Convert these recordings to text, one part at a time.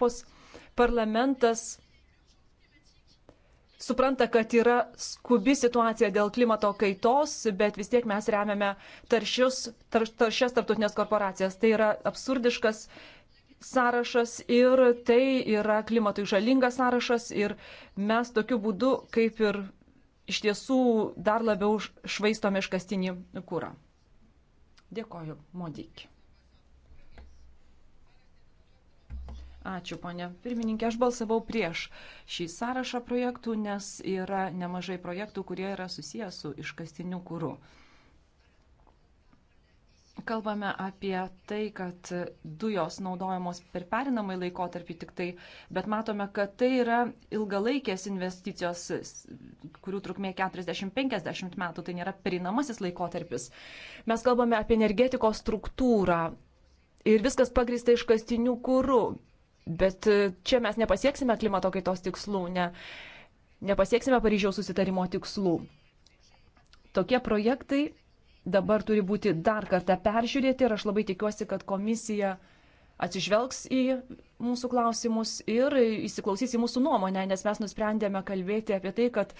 Europos parlamentas supranta, kad yra skubi situacija dėl klimato kaitos, bet vis tiek mes remiame taršius, tar, taršias tarptautinės korporacijas. Tai yra absurdiškas sąrašas ir tai yra klimatui žalingas sąrašas ir mes tokiu būdu kaip ir iš tiesų dar labiau švaistome iškastinį kūrą. Dėkoju, Modik. Ačiū, ponė pirmininkė. Aš balsavau prieš šį sąrašą projektų, nes yra nemažai projektų, kurie yra susijęs su iškastiniu kūru. Kalbame apie tai, kad dujos naudojamos per perinamai laikotarpį tik tai, bet matome, kad tai yra ilgalaikės investicijos, kurių trukmė 40-50 metų, tai nėra perinamasis laikotarpis. Mes kalbame apie energetikos struktūrą ir viskas pagrįsta iškastiniu kūru Bet e, čia mes nepasieksime klimato kaitos tikslų, ne, nepasieksime Paryžiaus susitarimo tikslų. Tokie projektai dabar turi būti dar kartą peržiūrėti ir aš labai tikiuosi, kad komisija atsižvelgs į mūsų klausimus ir įsiklausys į mūsų nuomonę, nes mes nusprendėme kalbėti apie tai, kad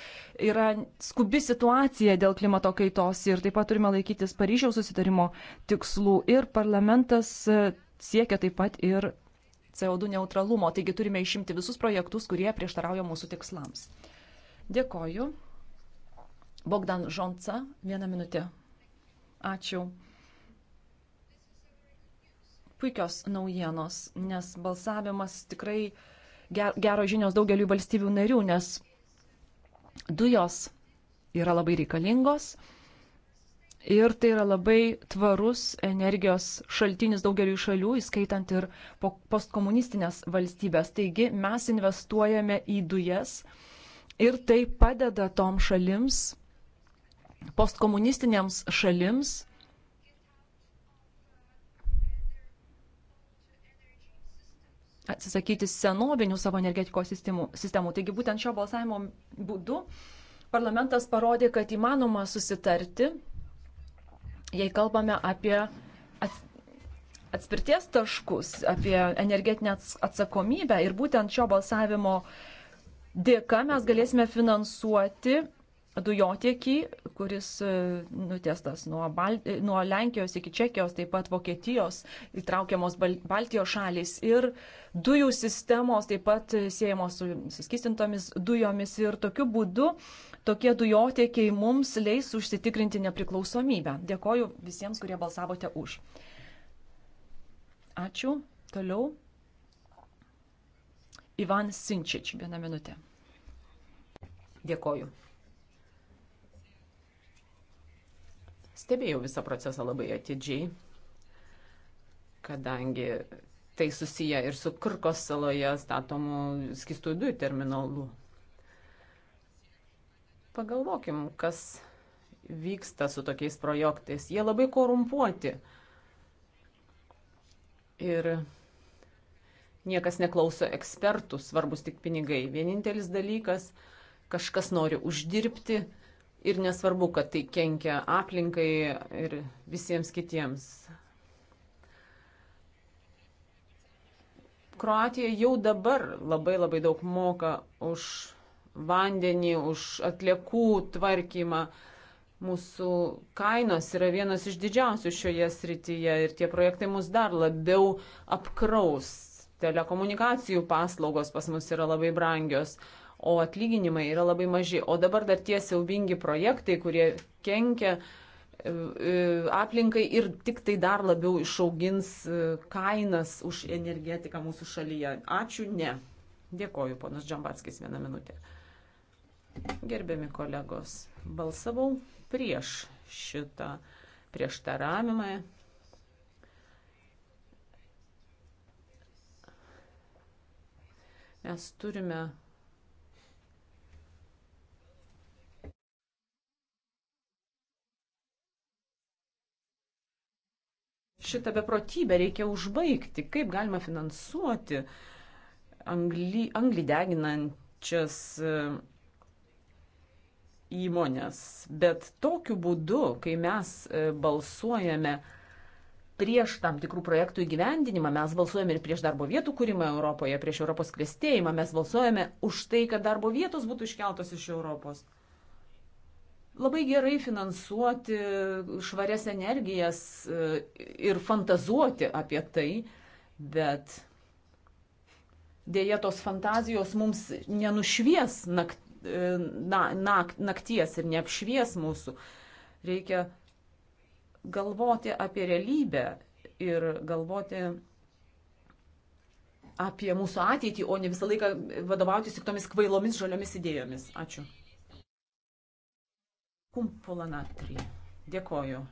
yra skubi situacija dėl klimato kaitos ir taip pat turime laikytis Paryžiaus susitarimo tikslų ir parlamentas e, siekia taip pat ir CO2 neutralumo, taigi turime išimti visus projektus, kurie prieštarauja mūsų tikslams. Dėkoju. Bogdan Žonca, vieną minutę. Ačiū. Puikios naujienos, nes balsavimas tikrai geros žinios daugeliu valstybių narių, nes dujos yra labai reikalingos Ir tai yra labai tvarus energijos šaltinis daugeliu šalių, įskaitant ir postkomunistinės valstybės. Taigi mes investuojame į dujas ir tai padeda tom šalims, postkomunistinėms šalims. atsisakyti senovinių savo energetikos sistemų. sistemų. Taigi būtent šio balsavimo būdu parlamentas parodė, kad įmanoma susitarti jei kalbame apie atspirties taškus, apie energetinę atsakomybę ir būtent šio balsavimo dėka mes galėsime finansuoti dujotiekį, kuris e, nutestas nuo, Bal e, nuo Lenkijos iki Čekijos, taip pat Vokietijos, įtraukiamos Bal Baltijos šalis ir dujų sistemos taip pat e, siejamos su suskistintomis dujomis ir tokiu būdu uh, tokie dujotiekiai mums leis užsitikrinti nepriklausomybę. Dėkoju visiems, kurie balsavote už. Ačiū. Toliau. Ivan Sinčič, vieną minutę. Dėkoju. Stebėjau visą procesą labai atidžiai, kadangi tai susiję ir su Kirkos saloje statomų skistųjų dujų terminalų Pagalvokim, kas vyksta su tokiais projektais. Jie labai korumpuoti. Ir niekas neklauso ekspertų, svarbus tik pinigai. Vienintelis dalykas, kažkas nori uždirbti ir nesvarbu, kad tai kenkia aplinkai ir visiems kitiems. Kroatija jau dabar labai labai daug moka už vandenį, už atliekų tvarkymą. Mūsų kainos yra vienas iš didžiausių šioje srityje ir tie projektai mus dar labiau apkraus. Telekomunikacijų paslaugos pas mus yra labai brangios, o atlyginimai yra labai maži. O dabar dar tie siaubingi projektai, kurie kenkia e, e, aplinkai ir tik tai dar labiau išaugins e, kainas už energetiką mūsų šalyje. Ačiū, ne. Dėkoju, ponas Džambatskis, vieną minutę. Gerbiami kolegos, balsavau prieš šitą prieštaravimą. Mes turime šitą beprotybę reikia užbaigti. Kaip galima finansuoti anglį, anglį deginančias įmonės. Bet tokiu būdu, kai mes e, balsuojame prieš tam tikrų projektų įgyvendinimą, mes balsuojame ir prieš darbo vietų kūrimą Europoje, prieš Europos klėstėjimą, mes balsuojame už tai, kad darbo vietos būtų iškeltos iš Europos. Labai gerai finansuoti švarias energijas e, ir fantazuoti apie tai, bet dėja tos fantazijos mums nenušvies nakt, E, na, nak, nakties ir neapšvies mūsų. Reikia galvoti apie realybę ir galvoti apie mūsų ateitį, o ne visą laiką vadovautis tik tomis kvailomis žaliomis idėjomis. Ačiū. Kumpulanatri. Dėkoju.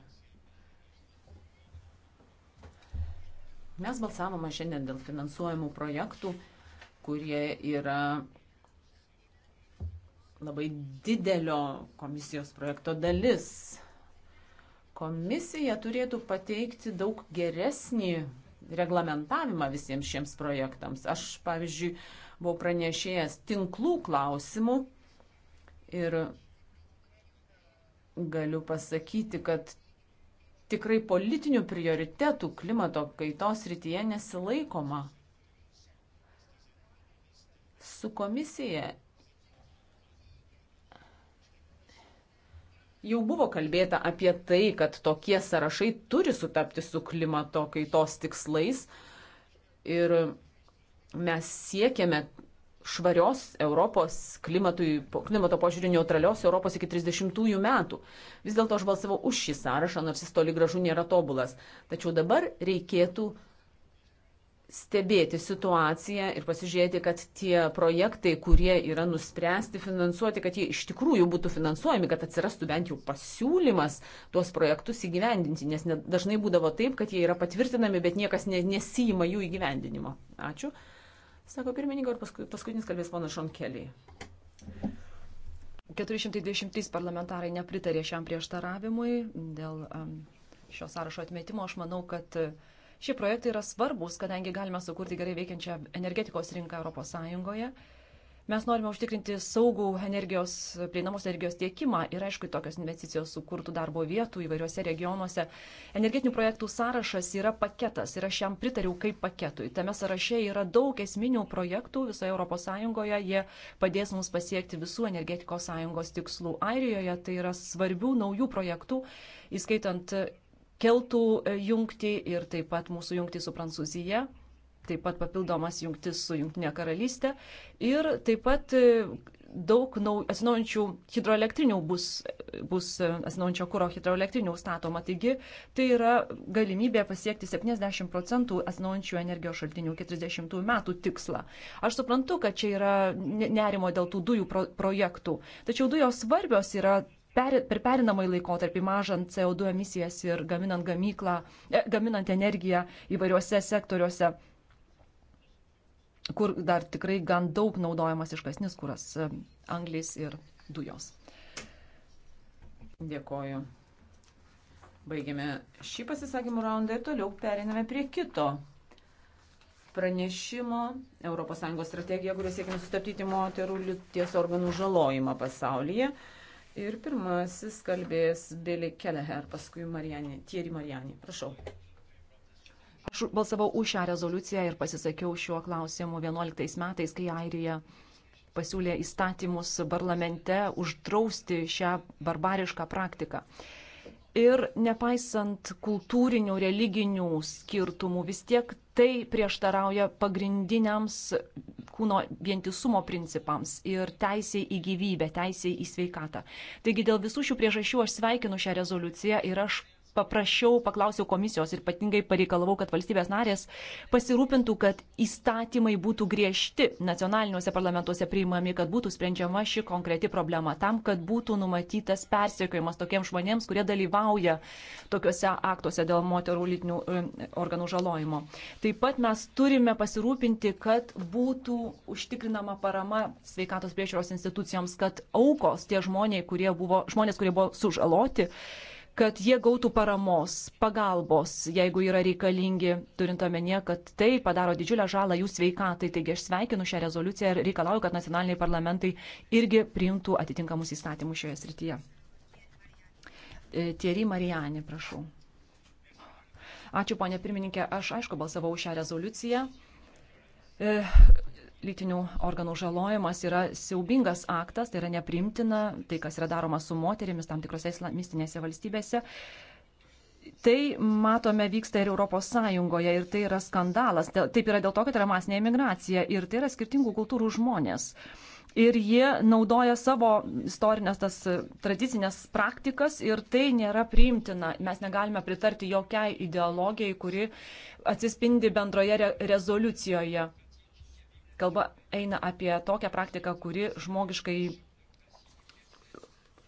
Mes balsavome šiandien dėl finansuojamų projektų, kurie yra labai didelio komisijos projekto dalis. Komisija turėtų pateikti daug geresnį reglamentavimą visiems šiems projektams. Aš, pavyzdžiui, buvau pranešėjęs tinklų klausimų ir galiu pasakyti, kad tikrai politinių prioritetų klimato kaitos rytyje nesilaikoma. Su komisija Jau buvo kalbėta apie tai, kad tokie sąrašai turi sutapti su klimato kaitos tikslais ir mes siekiame švarios Europos klimatui, klimato požiūrių neutralios Europos iki 30 metų. Vis dėlto aš balsavau už šį sąrašą, nors jis toli gražu nėra tobulas. Tačiau dabar reikėtų stebėti situaciją ir pasižiūrėti, kad tie projektai, kurie yra nuspręsti finansuoti, kad jie iš tikrųjų būtų finansuojami, kad atsirastų bent jau pasiūlymas tuos projektus įgyvendinti, nes ne, dažnai būdavo taip, kad jie yra patvirtinami, bet niekas ne, nesijima jų įgyvendinimo. Ačiū. Sako pirmininko ir paskui, paskutinis kalbės ponas Šonkelį. 423 parlamentarai nepritarė šiam prieštaravimui dėl um, šio sąrašo atmetimo. Aš manau, kad uh, Šie projektai yra svarbus, kadangi galime sukurti gerai veikiančią energetikos rinką ES. Mes norime užtikrinti saugų energijos, prieinamos energijos tiekimą ir aišku, tokios investicijos sukurtų darbo vietų įvairiuose regionuose. Energetinių projektų sąrašas yra paketas ir aš jam pritariau kaip paketui. Tame sąraše yra daug esminių projektų visoje ES, jie padės mums pasiekti visų energetikos sąjungos tikslų. Airijoje tai yra svarbių naujų projektų, įskaitant keltų e, jungtį ir taip pat mūsų jungtį su Prancūzija, taip pat papildomas jungtis su Junktinė karalystė ir taip pat e, daug atsinaujančių hidroelektrinių bus, e, bus atsinaujančio kūro hidroelektrinių statoma. Taigi tai yra galimybė pasiekti 70 procentų atsinaujančių energijos šaltinių 40 metų tikslą. Aš suprantu, kad čia yra nerimo dėl tų dujų pro projektų, tačiau dujos svarbios yra per, per perinamąjį laikotarpį mažant CO2 emisijas ir gaminant, gamyklą, e, gaminant energiją įvairiuose sektoriuose, kur dar tikrai gan daug naudojamas iškasnis kuras, e, anglis ir dujos. Dėkoju. Baigėme šį pasisakymų raundą ir toliau periname prie kito pranešimo ES strategija, kuria siekime sustabdyti moterų lyties organų žalojimą pasaulyje. Ir pirmasis kalbės Billy Keleher, paskui Marianė, Thierry Marianė. Prašau. Aš balsavau už šią rezoliuciją ir pasisakiau šiuo klausimu 11 metais, kai Airija pasiūlė įstatymus parlamente uždrausti šią barbarišką praktiką. Ir nepaisant kultūrinių, religinių skirtumų, vis tiek tai prieštarauja pagrindiniams kūno vientisumo principams ir teisiai į gyvybę, teisiai į sveikatą. Taigi dėl visų šių priežasčių aš sveikinu šią rezoliuciją ir aš paprašiau, paklausiau komisijos ir ypatingai pareikalavau, kad valstybės narės pasirūpintų, kad įstatymai būtų griežti nacionaliniuose parlamentuose priimami, kad būtų sprendžiama ši konkreti problema, tam, kad būtų numatytas persiekiojimas tokiems žmonėms, kurie dalyvauja tokiuose aktuose dėl moterų lytinių e, organų žalojimo. Taip pat mes turime pasirūpinti, kad būtų užtikrinama parama sveikatos priežiūros institucijoms, kad aukos, tie žmonės, kurie buvo, žmonės, kurie buvo sužaloti, kad jie gautų paramos, pagalbos, jeigu yra reikalingi, turint omenyje, kad tai padaro didžiulę žalą jų sveikatai. Taigi aš sveikinu šią rezoliuciją ir reikalauju, kad nacionaliniai parlamentai irgi priimtų atitinkamus įstatymus šioje srityje. E, Tieri Marijani, prašau. Ačiū, ponė pirmininkė. Aš, aišku, balsavau šią rezoliuciją. E, lytinių organų žalojimas yra siaubingas aktas, tai yra neprimtina, tai kas yra daroma su moterimis tam tikrose islamistinėse valstybėse. Tai matome vyksta ir Europos Sąjungoje ir tai yra skandalas. Taip yra dėl to, kad yra masinė imigracija ir tai yra skirtingų kultūrų žmonės. Ir jie naudoja savo istorinės, tas tradicinės praktikas ir tai nėra priimtina. Mes negalime pritarti jokiai ideologijai, kuri atsispindi bendroje re rezoliucijoje Kalba eina apie tokią praktiką, kuri žmogiškai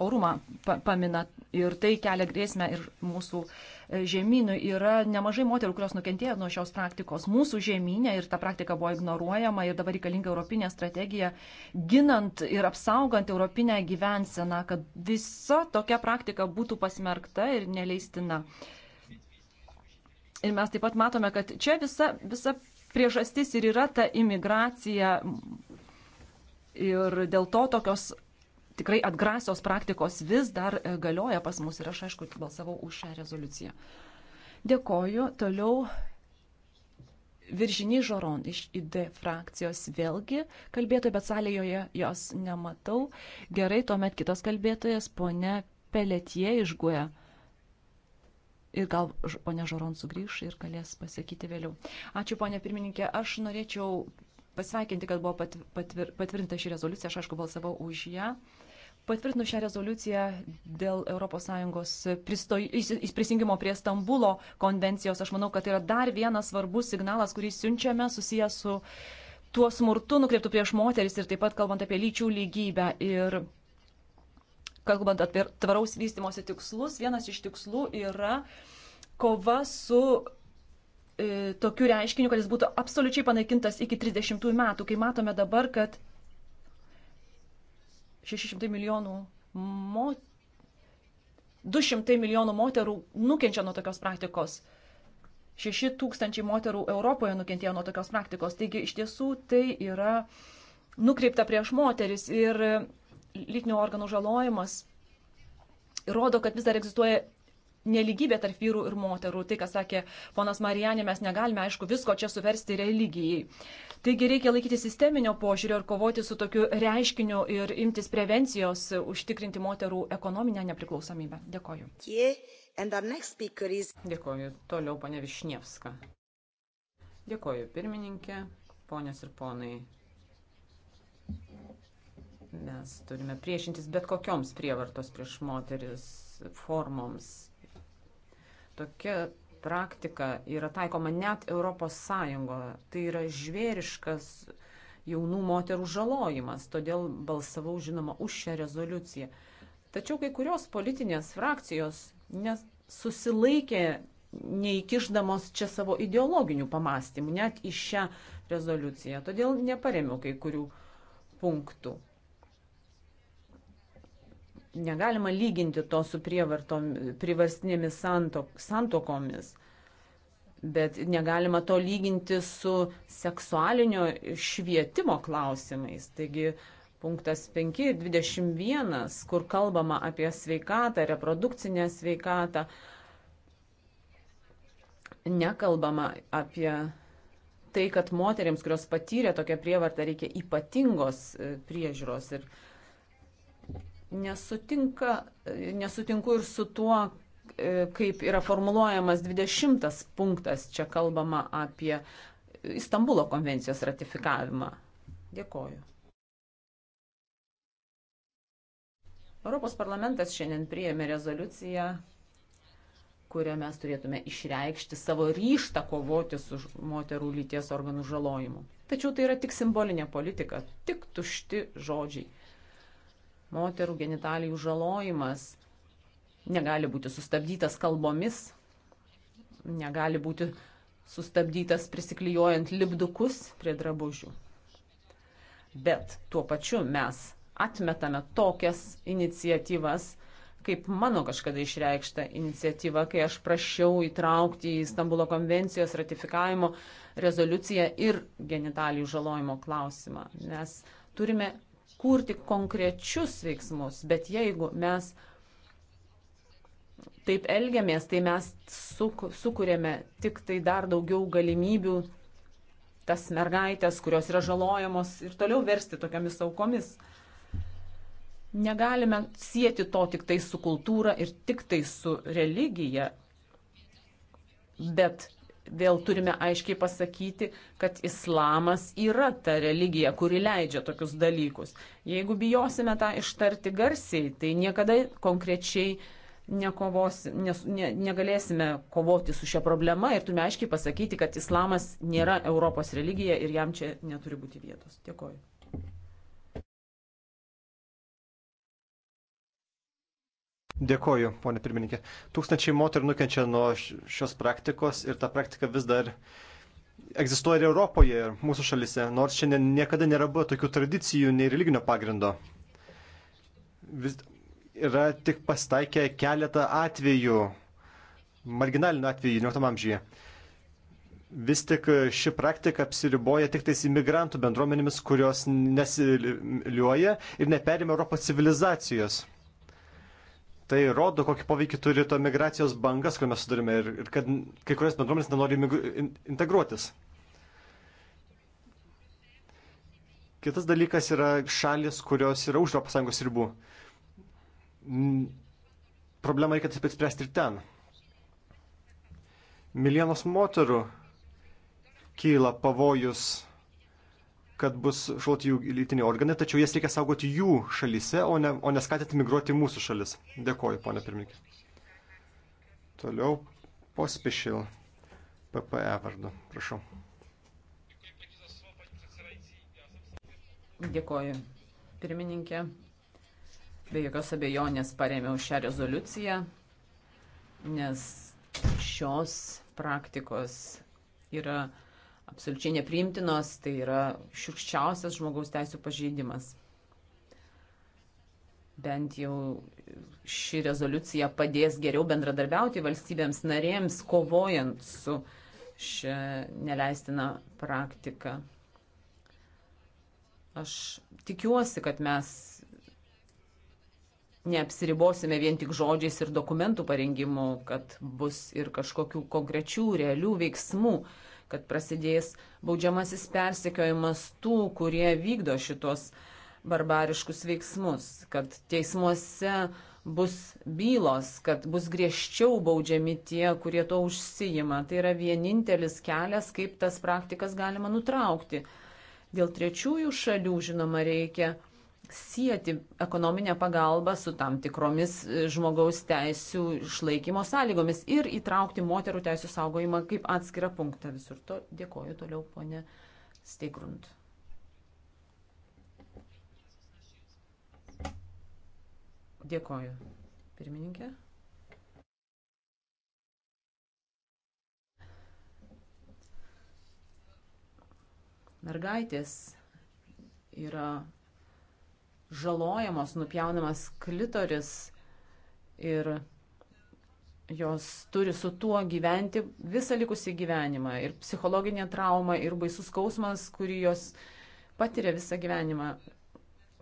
orumą pamina ir tai kelia grėsmę ir mūsų e, žemynui. Yra nemažai moterų, kurios nukentėjo nuo šios praktikos mūsų žemynė ir ta praktika buvo ignoruojama ir dabar reikalinga europinė strategija, ginant ir apsaugant europinę gyvenseną, kad visa tokia praktika būtų pasmerkta ir neleistina. Ir mes taip pat matome, kad čia visa, visa priežastis ir yra ta imigracija ir dėl to tokios tikrai atgrasios praktikos vis dar e, galioja pas mus ir aš aišku balsavau už šią rezoliuciją. Dėkoju. Toliau Viržinį Žoron iš ID frakcijos vėlgi kalbėtoja, bet salėje jos nematau. Gerai, tuomet kitas kalbėtojas, ponė Peletie iš Guja e. Ir gal ponia Žoron sugrįž ir galės pasakyti vėliau. Ačiū, ponia pirmininkė. Aš norėčiau pasveikinti, kad buvo patvir, patvir, patvirtinta ši rezoliucija. Aš, aišku, balsavau už ją. Patvirtinu šią rezoliuciją dėl ES prisijungimo prie Stambulo konvencijos. Aš manau, kad tai yra dar vienas svarbus signalas, kurį siunčiame susijęs su tuo smurtu nukreiptų prieš moteris ir taip pat kalbant apie lyčių lygybę. Ir kalbant apie tvaraus vystimosi tikslus, vienas iš tikslų yra kova su e, tokiu reiškiniu, kad jis būtų absoliučiai panaikintas iki 30 metų, kai matome dabar, kad 600 milijonų moterų. 200 milijonų moterų nukenčia nuo tokios praktikos. 6 tūkstančiai moterų Europoje nukentėjo nuo tokios praktikos. Taigi iš tiesų tai yra nukreipta prieš moteris ir lytinių organų žalojimas rodo, kad vis dar egzistuoja neligybė tarp vyrų ir moterų. Tai, ką sakė ponas Marijanė, mes negalime, aišku, visko čia suversti religijai. Taigi reikia laikyti sisteminio požiūrio ir kovoti su tokiu reiškiniu ir imtis prevencijos, užtikrinti moterų ekonominę nepriklausomybę. Dėkoju. Is... Dėkoju. Toliau, ponė Višnievska. Dėkoju, pirmininkė, ponės ir ponai. Mes turime priešintis bet kokioms prievartos prieš moteris formoms. Tokia praktika yra taikoma net Europos Sąjungoje. Tai yra žvėriškas jaunų moterų žalojimas, todėl balsavau žinoma už šią rezoliuciją. Tačiau kai kurios politinės frakcijos susilaikė neįkišdamos čia savo ideologinių pamastymų, net į šią rezoliuciją. Todėl neparemiau kai kurių punktų negalima lyginti to su privarstinėmis santokomis, bet negalima to lyginti su seksualinio švietimo klausimais. Taigi, punktas 5 ir 21, kur kalbama apie sveikatą, reprodukcinę sveikatą, nekalbama apie tai, kad moteriams, kurios patyrė tokią prievartą, reikia ypatingos e, priežiūros ir priežiūros nesutinka, nesutinku ir su tuo, e, kaip yra formuluojamas 20 punktas, čia kalbama apie Istanbulo konvencijos ratifikavimą. Dėkoju. Europos parlamentas šiandien priėmė rezoliuciją, kurią mes turėtume išreikšti savo ryštą kovoti su moterų lyties organų žalojimu. Tačiau tai yra tik simbolinė politika, tik tušti žodžiai moterų genitalijų žalojimas negali būti sustabdytas kalbomis, negali būti sustabdytas prisiklyjojant lipdukus prie drabužių. Bet tuo pačiu mes atmetame tokias iniciatyvas, kaip mano kažkada išreikšta iniciatyva, kai aš prašiau įtraukti į Stambulo konvencijos ratifikavimo rezoliuciją ir genitalijų žalojimo klausimą. Mes turime kurti konkrečius veiksmus, bet jeigu mes taip elgiamės, tai mes sukūrėme tik tai dar daugiau galimybių tas mergaitės, kurios yra žalojamos ir toliau versti tokiamis aukomis. Negalime sieti to tik tai su kultūra ir tik tai su religija, bet vėl turime aiškiai pasakyti, kad islamas yra ta religija, kuri leidžia tokius dalykus. Jeigu bijosime tą ištarti garsiai, tai niekada konkrečiai nekovos, nes, ne, negalėsime kovoti su šia problema ir turime aiškiai pasakyti, kad islamas nėra Europos religija ir jam čia neturi būti vietos. Dėkoju. Dėkoju, ponė pirmininkė. Tūkstančiai moterų nukenčia nuo šios praktikos ir ta praktika vis dar egzistuoja ir Europoje, ir mūsų šalise, nors šiandien niekada nėra buvo tokių tradicijų nei religinio pagrindo. Vis yra tik pastaikę keletą atvejų, marginalinių atvejų 19 amžyje. Vis tik ši praktika apsiriboja tik tais imigrantų bendruomenėmis, kurios nesiliuoja ir neperėmė Europos civilizacijos tai rodo, kokį poveikį turi to migracijos bangas, kur mes turime ir, ir kad kai kurios bendruomenės nenori integruotis. Kitas dalykas yra šalis, kurios yra už Europos Sąjungos ribų. Problemą reikia taip pat spręsti ir ten. Milijonos moterų kyla pavojus kad bus šauti jų lytiniai organai, tačiau jas reikia saugoti jų šalyse, o ne, o ne skatinti migruoti į mūsų šalis. Dėkoju, ponė pirmininkė. Toliau pospešil PPE vardu. Prašau. Dėkoju. Pirmininkė, be jokios abejonės paremiau šią rezoliuciją, nes šios praktikos yra absoliučiai nepriimtinos, tai yra šiurkščiausias žmogaus teisų pažeidimas. Bent jau ši rezoliucija padės geriau bendradarbiauti valstybėms narėms, kovojant su šią neleistiną praktiką. Aš tikiuosi, kad mes neapsiribosime vien tik žodžiais ir dokumentų parengimu, kad bus ir kažkokių konkrečių, realių veiksmų, uh, kad prasidės baudžiamasis persekiojimas tų, kurie vykdo šitos barbariškus veiksmus, kad teismuose bus bylos, kad bus griežčiau baudžiami tie, kurie to užsijima. Tai yra vienintelis kelias, kaip tas praktikas galima nutraukti. Dėl trečiųjų šalių, žinoma, reikia sieti ekonominę pagalbą su tam tikromis e, žmogaus teisų išlaikymo sąlygomis ir įtraukti moterų teisų saugojimą kaip atskirą punktą visur. To dėkoju toliau, ponė Steigrund. Dėkoju. Pirmininkė. Mergaitės yra žalojamos, nupjaunamas klitoris ir jos turi su tuo gyventi visą likusį gyvenimą. Ir psichologinė trauma, ir baisus skausmas, kurį jos patiria visą gyvenimą.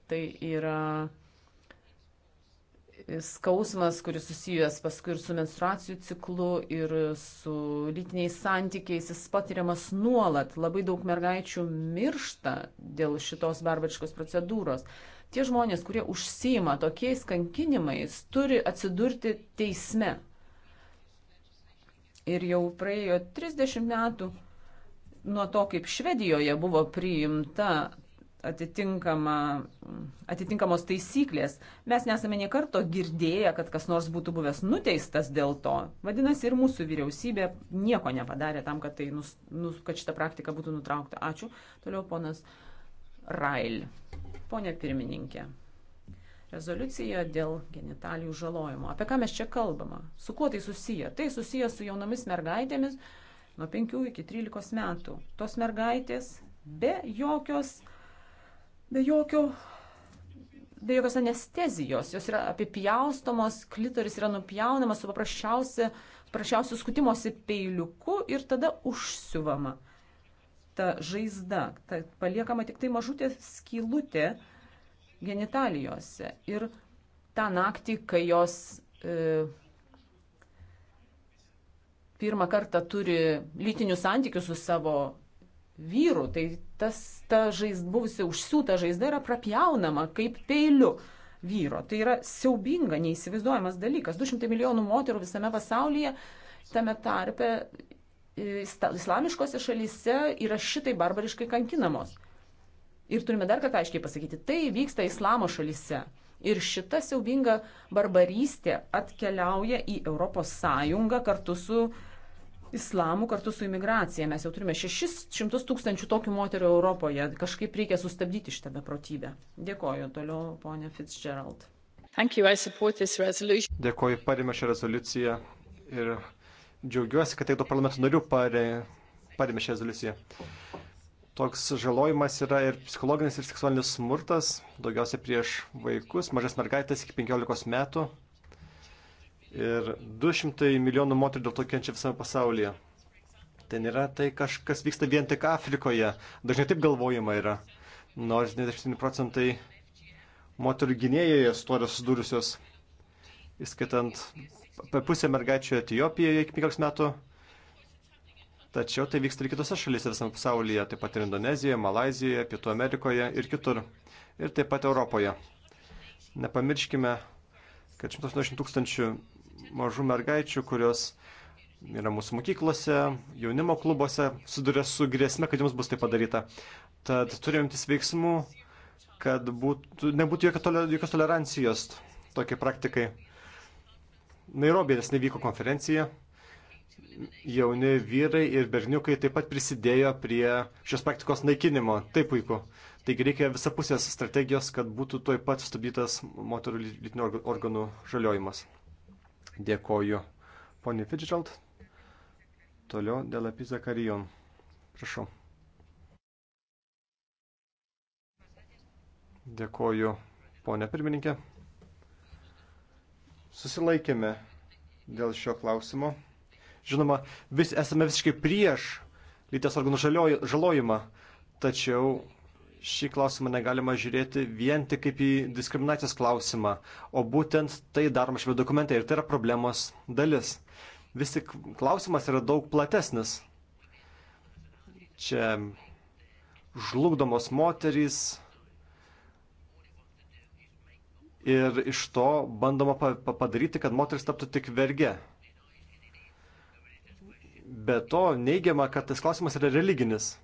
Tai yra skausmas, kuris susijęs paskui ir su menstruacijų ciklu, ir su lytiniais santykiais, jis patiriamas nuolat. Labai daug mergaičių miršta dėl šitos barbariškos procedūros. Tie žmonės, kurie užsima tokiais kankinimais, turi atsidurti teisme. Ir jau praėjo 30 metų nuo to, kaip Švedijoje buvo priimta atitinkamos taisyklės. Mes nesame nie karto girdėję, kad kas nors būtų buvęs nuteistas dėl to. Vadinasi, ir mūsų vyriausybė nieko nepadarė tam, kad, tai nus, nus, kad šita praktika būtų nutraukta. Ačiū. Toliau ponas Rail. Pone pirmininkė. Rezoliucija dėl genitalijų žalojimo. Apie ką mes čia kalbama? Su kuo tai susiję? Tai susiję su jaunomis mergaitėmis nuo 5 iki 13 metų. Tos mergaitės be jokios be jokio, be jokios anestezijos. Jos yra apipjaustomos, klitoris yra nupjaunamas su paprasčiausiu, paprasčiausiu skutimosi peiliuku ir tada užsiuvama ta žaizda. Ta paliekama tik tai mažutė skylutė genitalijose. Ir tą naktį, kai jos e, pirmą kartą turi lytinių santykių su savo vyrų, tai tas ta žaiz, buvusi užsiūta žaizda yra prapjaunama kaip peiliu vyro. Tai yra siaubinga, neįsivaizduojamas dalykas. 200 milijonų moterų visame pasaulyje, tame tarpe e, islamiškose šalyse yra šitai barbariškai kankinamos. Ir turime dar kartą aiškiai pasakyti, tai vyksta islamo šalyse. Ir šita siaubinga barbarystė atkeliauja į ES kartu su uh, islamu kartu su imigracija. Mes jau turime 600 tūkstančių tokių moterų Europoje. Kažkaip reikia sustabdyti šitą beprotybę. Dėkoju toliau, ponė Fitzgerald. Dėkoju, parėmė šią rezoliuciją ir džiaugiuosi, kad tiek daug parlamento narių parėmė šią rezoliuciją. Toks žalojimas yra ir psichologinis, ir seksualinis smurtas, daugiausia prieš vaikus, mažas mergaitės iki 15 metų ir 200 milijonų moterų dėl to kenčia visame pasaulyje. Ten yra tai, tai kažkas vyksta vien tik Afrikoje. Dažnai taip galvojama yra. Nors 97 procentai moterų gynėjoje su to yra susidūrusios, įskaitant apie pusę mergaičių Etijopijoje iki 15 metų. Tačiau tai vyksta ir kitose šalyse visame pasaulyje, taip pat ir Indonezijoje, Malazijoje, Pietų Amerikoje ir kitur. Ir taip pat Europoje. Nepamirškime, kad 180 tūkstančių mažų mergaičių, kurios yra mūsų mokyklose, jaunimo klubuose, suduria su grėsme, kad jums bus tai padaryta. Tad turėjomtis veiksmų, kad būtų, nebūtų jokio tole, jokios tolerancijos tokiai praktikai. Nairobė nes nevyko konferencija. Jauni vyrai ir berniukai taip pat prisidėjo prie šios praktikos naikinimo. Taip puiku. Taigi reikia visapusės strategijos, kad būtų tuoj pat stabdytas moterų lytinių organų žaliojimas. Dėkoju. Pone Fitzgerald, toliau dėl apie Zakarijon. Prašau. Dėkoju, ponė pirmininkė. Susilaikėme dėl šio klausimo. Žinoma, vis, esame visiškai prieš lyties organų žalojimą, tačiau šį klausimą negalima žiūrėti vien tik kaip į diskriminacijos klausimą, o būtent tai daroma šiame dokumente ir tai yra problemos dalis. Vis tik klausimas yra daug platesnis. Čia žlugdomos moterys ir iš to bandoma padaryti, kad moteris taptų tik verge. Be to neigiama, kad tas klausimas yra religinis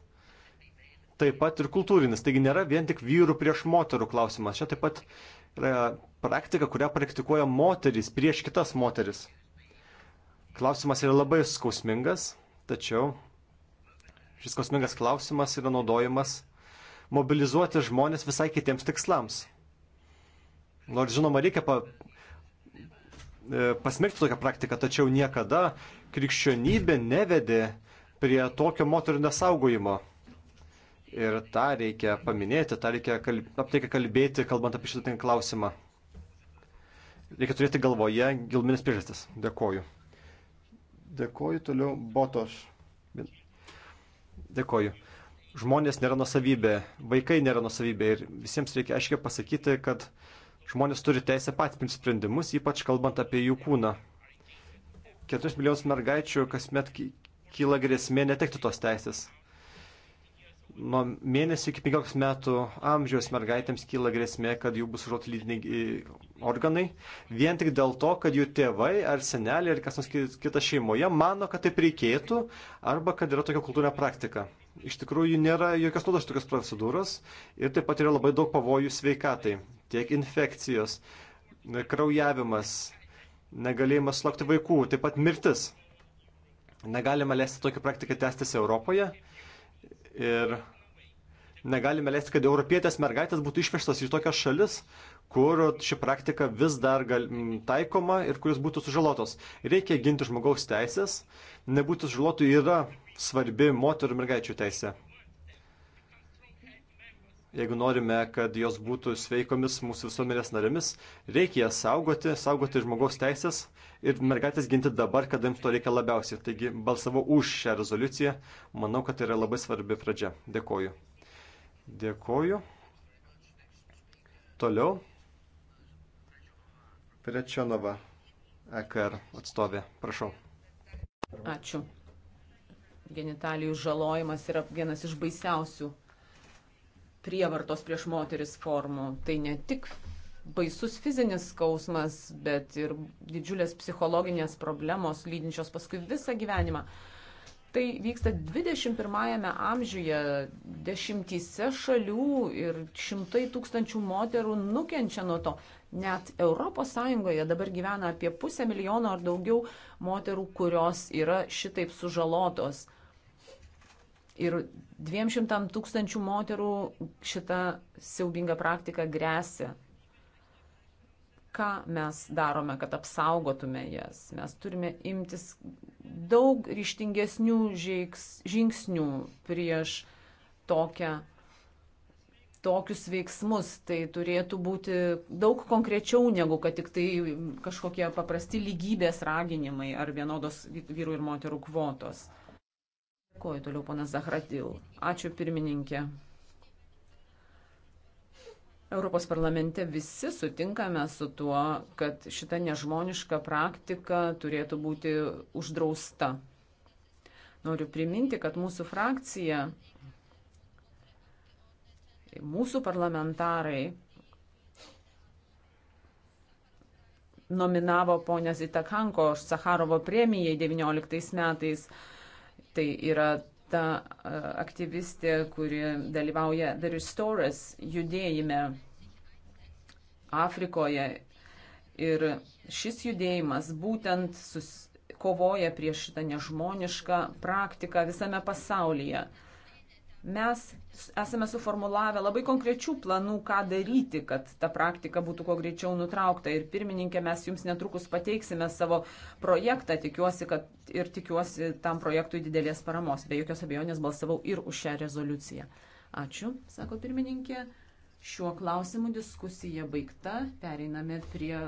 taip pat ir kultūrinis. Taigi nėra vien tik vyrų prieš moterų klausimas. Čia taip pat yra praktika, kurią praktikuoja moteris prieš kitas moteris. Klausimas yra labai skausmingas, tačiau šis skausmingas klausimas yra naudojamas mobilizuoti žmonės visai kitiems tikslams. Nors žinoma, reikia pa, e, pasmerkti tokią praktiką, tačiau niekada krikščionybė nevedė prie tokio moterų nesaugojimo. Ir tą reikia paminėti, tą reikia, kalb... apie tai kalbėti, kalbant apie šitą klausimą. Reikia turėti galvoje gilminis priežastis. Dėkoju. Dėkoju toliau Botoš. Dėkoju. Žmonės nėra nusavybė, vaikai nėra nusavybė ir visiems reikia aiškiai pasakyti, kad žmonės turi teisę patys priimti sprendimus, ypač kalbant apie jų kūną. 4 milijonus mergaičių kasmet kyla grėsmė netekti tos teisės nuo mėnesio iki 15 metų amžiaus mergaitėms kyla grėsmė, kad jų bus užuot lydiniai e, organai, vien tik dėl to, kad jų tėvai ar seneliai ar kas nors kitas šeimoje mano, kad taip reikėtų, arba kad yra tokia kultūrinė praktika. Iš tikrųjų nėra jokios naudos tokios procedūros ir taip pat yra labai daug pavojų sveikatai, tiek infekcijos, kraujavimas, negalėjimas sulaukti vaikų, taip pat mirtis. Negalima leisti tokią praktiką tęstis Europoje Ir negalime leisti, kad europietės mergaitės būtų išvežtas į tokias šalis, kur ši praktika vis dar gal, taikoma ir kuris būtų sužalotos. Reikia ginti žmogaus teisės, nebūti sužalotų yra svarbi moterų mergaičių teisė jeigu norime, kad jos būtų sveikomis mūsų visuomenės narėmis, reikia jas saugoti, saugoti žmogaus teisės ir mergaitės ginti dabar, kada jums to reikia labiausiai. Taigi balsavau už šią rezoliuciją, manau, kad tai yra labai svarbi pradžia. Dėkoju. Dėkoju. Toliau. Prečionova, EKR atstovė. Prašau. Ačiū. Genitalijų žalojimas yra vienas iš baisiausių prievartos prieš moteris formų. Tai ne tik baisus fizinis skausmas, bet ir didžiulės psichologinės problemos, lydinčios paskui visą gyvenimą. Tai vyksta 21-ame amžiuje, dešimtyse šalių ir šimtai tūkstančių moterų nukenčia nuo to. Net ES dabar gyvena apie pusę milijono ar daugiau moterų, kurios yra šitaip sužalotos. Ir 200 tūkstančių moterų šita siaubinga praktika grėsia. Ką mes darome, kad apsaugotume jas? Mes turime imtis daug ryštingesnių žingsnių prieš tokią tokius veiksmus, tai turėtų būti daug konkrečiau negu kad tik tai kažkokie paprasti lygybės raginimai ar vienodos vyrų ir moterų kvotos. Dėkuoju toliau, ponas Zahratil. Ačiū pirmininkė. Europos parlamente visi sutinkame su tuo, kad šita nežmoniška praktika turėtų būti uždrausta. Noriu priminti, kad mūsų frakcija, mūsų parlamentarai nominavo ponę Zitakanko Sakharovo premijai 19 metais Tai yra ta aktyvistė, kuri dalyvauja The Restorers judėjime Afrikoje. Ir šis judėjimas būtent sus, kovoja prieš šitą nežmonišką praktiką visame pasaulyje. Mes esame suformulavę labai konkrečių planų, ką daryti, kad ta praktika būtų kuo greičiau nutraukta. Ir pirmininkė, mes jums netrukus pateiksime savo projektą. Tikiuosi, kad ir tikiuosi tam projektui didelės paramos. Be jokios abejonės balsavau ir už šią rezoliuciją. Ačiū, sako pirmininkė. Šiuo klausimu diskusija baigta. Pereiname prie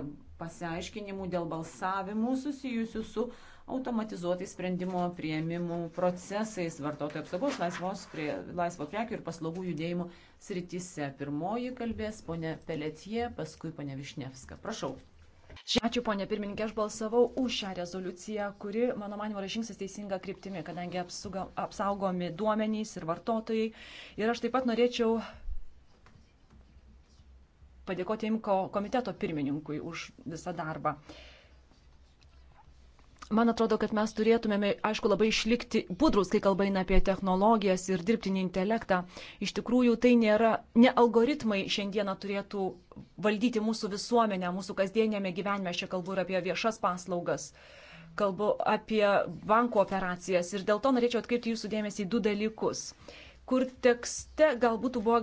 pasiaiškinimų dėl balsavimų susijusių su automatizuotais sprendimo prieimimų procesais vartotojų apsaugos laisvos prie, laisvo prekių ir paslaugų judėjimo srityse. Pirmoji kalbės ponė Peletie, paskui ponė Višnevska. Prašau. Ačiū, ponė pirmininkė, aš balsavau už šią rezoliuciją, kuri, mano manimo, yra žingsnis teisinga kryptimi, kadangi apsuga, apsaugomi duomenys ir vartotojai. Ir aš taip pat norėčiau padėkoti Imko komiteto pirmininkui už visą darbą. Uh, Man atrodo, kad mes turėtumėme, aišku, labai išlikti budrus, kai kalba eina apie technologijas ir dirbtinį intelektą. Iš tikrųjų, tai nėra, ne algoritmai šiandieną turėtų valdyti mūsų visuomenę, mūsų kasdienėme gyvenime. Aš čia kalbu ir apie viešas paslaugas, kalbu apie banko operacijas ir dėl to norėčiau atkreipti jūsų dėmesį į du dalykus kur tekste galbūt buvo,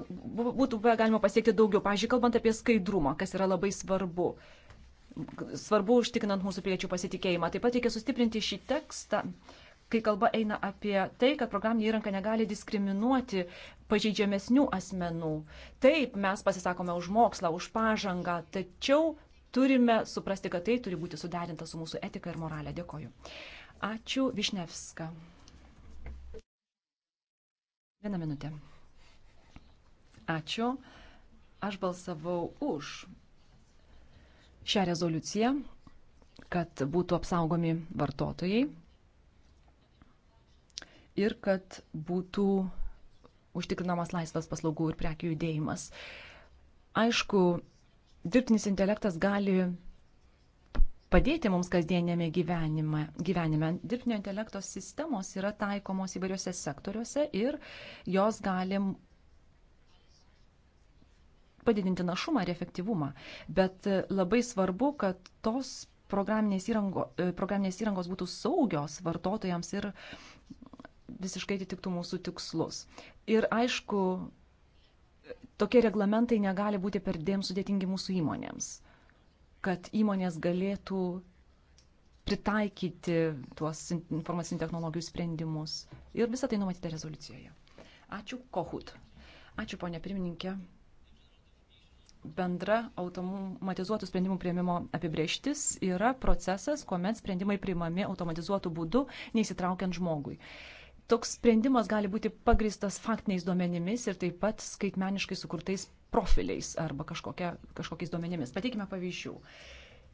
būtų buvę galima pasiekti daugiau. Pavyzdžiui, kalbant apie skaidrumą, kas yra labai svarbu svarbu užtikrinant mūsų piliečių pasitikėjimą. Taip pat reikia sustiprinti šį tekstą, kai kalba eina apie tai, kad programinė įranka negali diskriminuoti pažeidžiamesnių asmenų. Taip, mes pasisakome už mokslą, už pažangą, tačiau turime suprasti, kad tai turi būti suderinta su mūsų etika ir moralė. Dėkoju. Ačiū Višnevska. Vieną minutę. Ačiū. Aš balsavau už šią rezoliuciją, kad būtų apsaugomi vartotojai ir kad būtų užtikrinamas laisvas paslaugų ir prekių judėjimas. Aišku, dirbtinis intelektas gali padėti mums kasdienėme gyvenime. gyvenime. Dirbtinio intelekto sistemos yra taikomos įvairiuose sektoriuose ir jos galim padidinti našumą ir efektyvumą. Bet e, labai svarbu, kad tos programinės, įrango, e, programinės įrangos būtų saugios vartotojams ir visiškai atitiktų mūsų tikslus. Ir aišku, tokie reglamentai negali būti per dėm sudėtingi mūsų įmonėms, kad įmonės galėtų pritaikyti tuos informacinių technologijų sprendimus. Ir visą tai numatyta rezoliucijoje. Ačiū, Kohut. Ačiū, ponė pirmininkė bendra automatizuotų sprendimų prieimimo apibrieštis yra procesas, kuomet sprendimai priimami automatizuotų būdų, neįsitraukiant žmogui. Toks sprendimas gali būti pagristas faktiniais duomenimis ir taip pat skaitmeniškai sukurtais profiliais arba kažkokia, kažkokiais duomenimis. Pateikime pavyzdžių.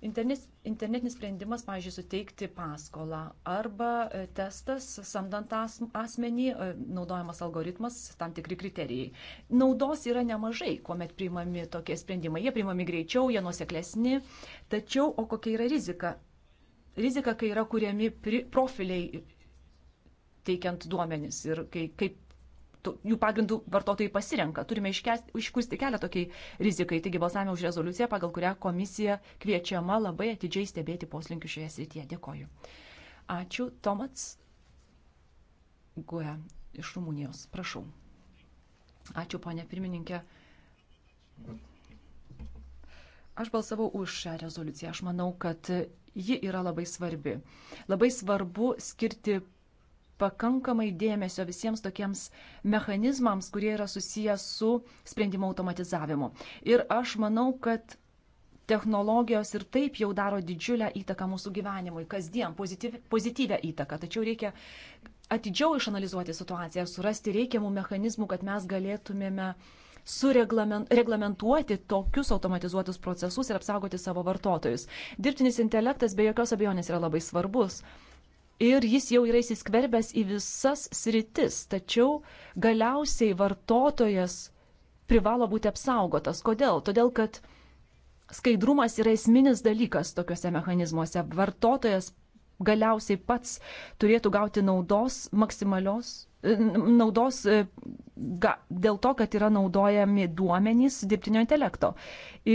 Internet, internetinis sprendimas, pavyzdžiui, suteikti paskolą arba e, testas, samdant asmenį, e, naudojamas algoritmas, tam tikri kriterijai. Naudos yra nemažai, kuomet priimami tokie sprendimai. Jie priimami greičiau, jie nuseklesni, tačiau o kokia yra rizika? Rizika, kai yra kuriami profiliai teikiant duomenis ir kai, kaip jų pagrindų vartotojai pasirenka. Turime iškusti kelią tokiai rizikai. Taigi balsavime už rezoliuciją, pagal kurią komisija kviečiama labai atidžiai stebėti poslinkių šioje srityje. Dėkoju. Ačiū. Tomats Guja iš Rumunijos. Prašau. Ačiū, ponė pirmininkė. Aš balsavau už šią rezoliuciją. Aš manau, kad ji yra labai svarbi. Labai svarbu skirti pakankamai dėmesio visiems tokiems mechanizmams, kurie yra susijęs su sprendimo automatizavimu. Ir aš manau, kad technologijos ir taip jau daro didžiulę įtaką mūsų gyvenimui, kasdien pozityv, pozityvę įtaką. Tačiau reikia atidžiau išanalizuoti situaciją, surasti reikiamų mechanizmų, kad mes galėtumėme sureglamentuoti tokius automatizuotus procesus ir apsaugoti savo vartotojus. Dirbtinis intelektas be jokios abejonės yra labai svarbus ir jis jau yra įsiskverbęs į visas sritis, tačiau galiausiai vartotojas privalo būti apsaugotas. Kodėl? Todėl, kad skaidrumas yra esminis dalykas tokiuose mechanizmuose. Vartotojas galiausiai pats turėtų gauti naudos maksimalios, e, naudos e, ga, dėl to, kad yra naudojami duomenys dirbtinio intelekto.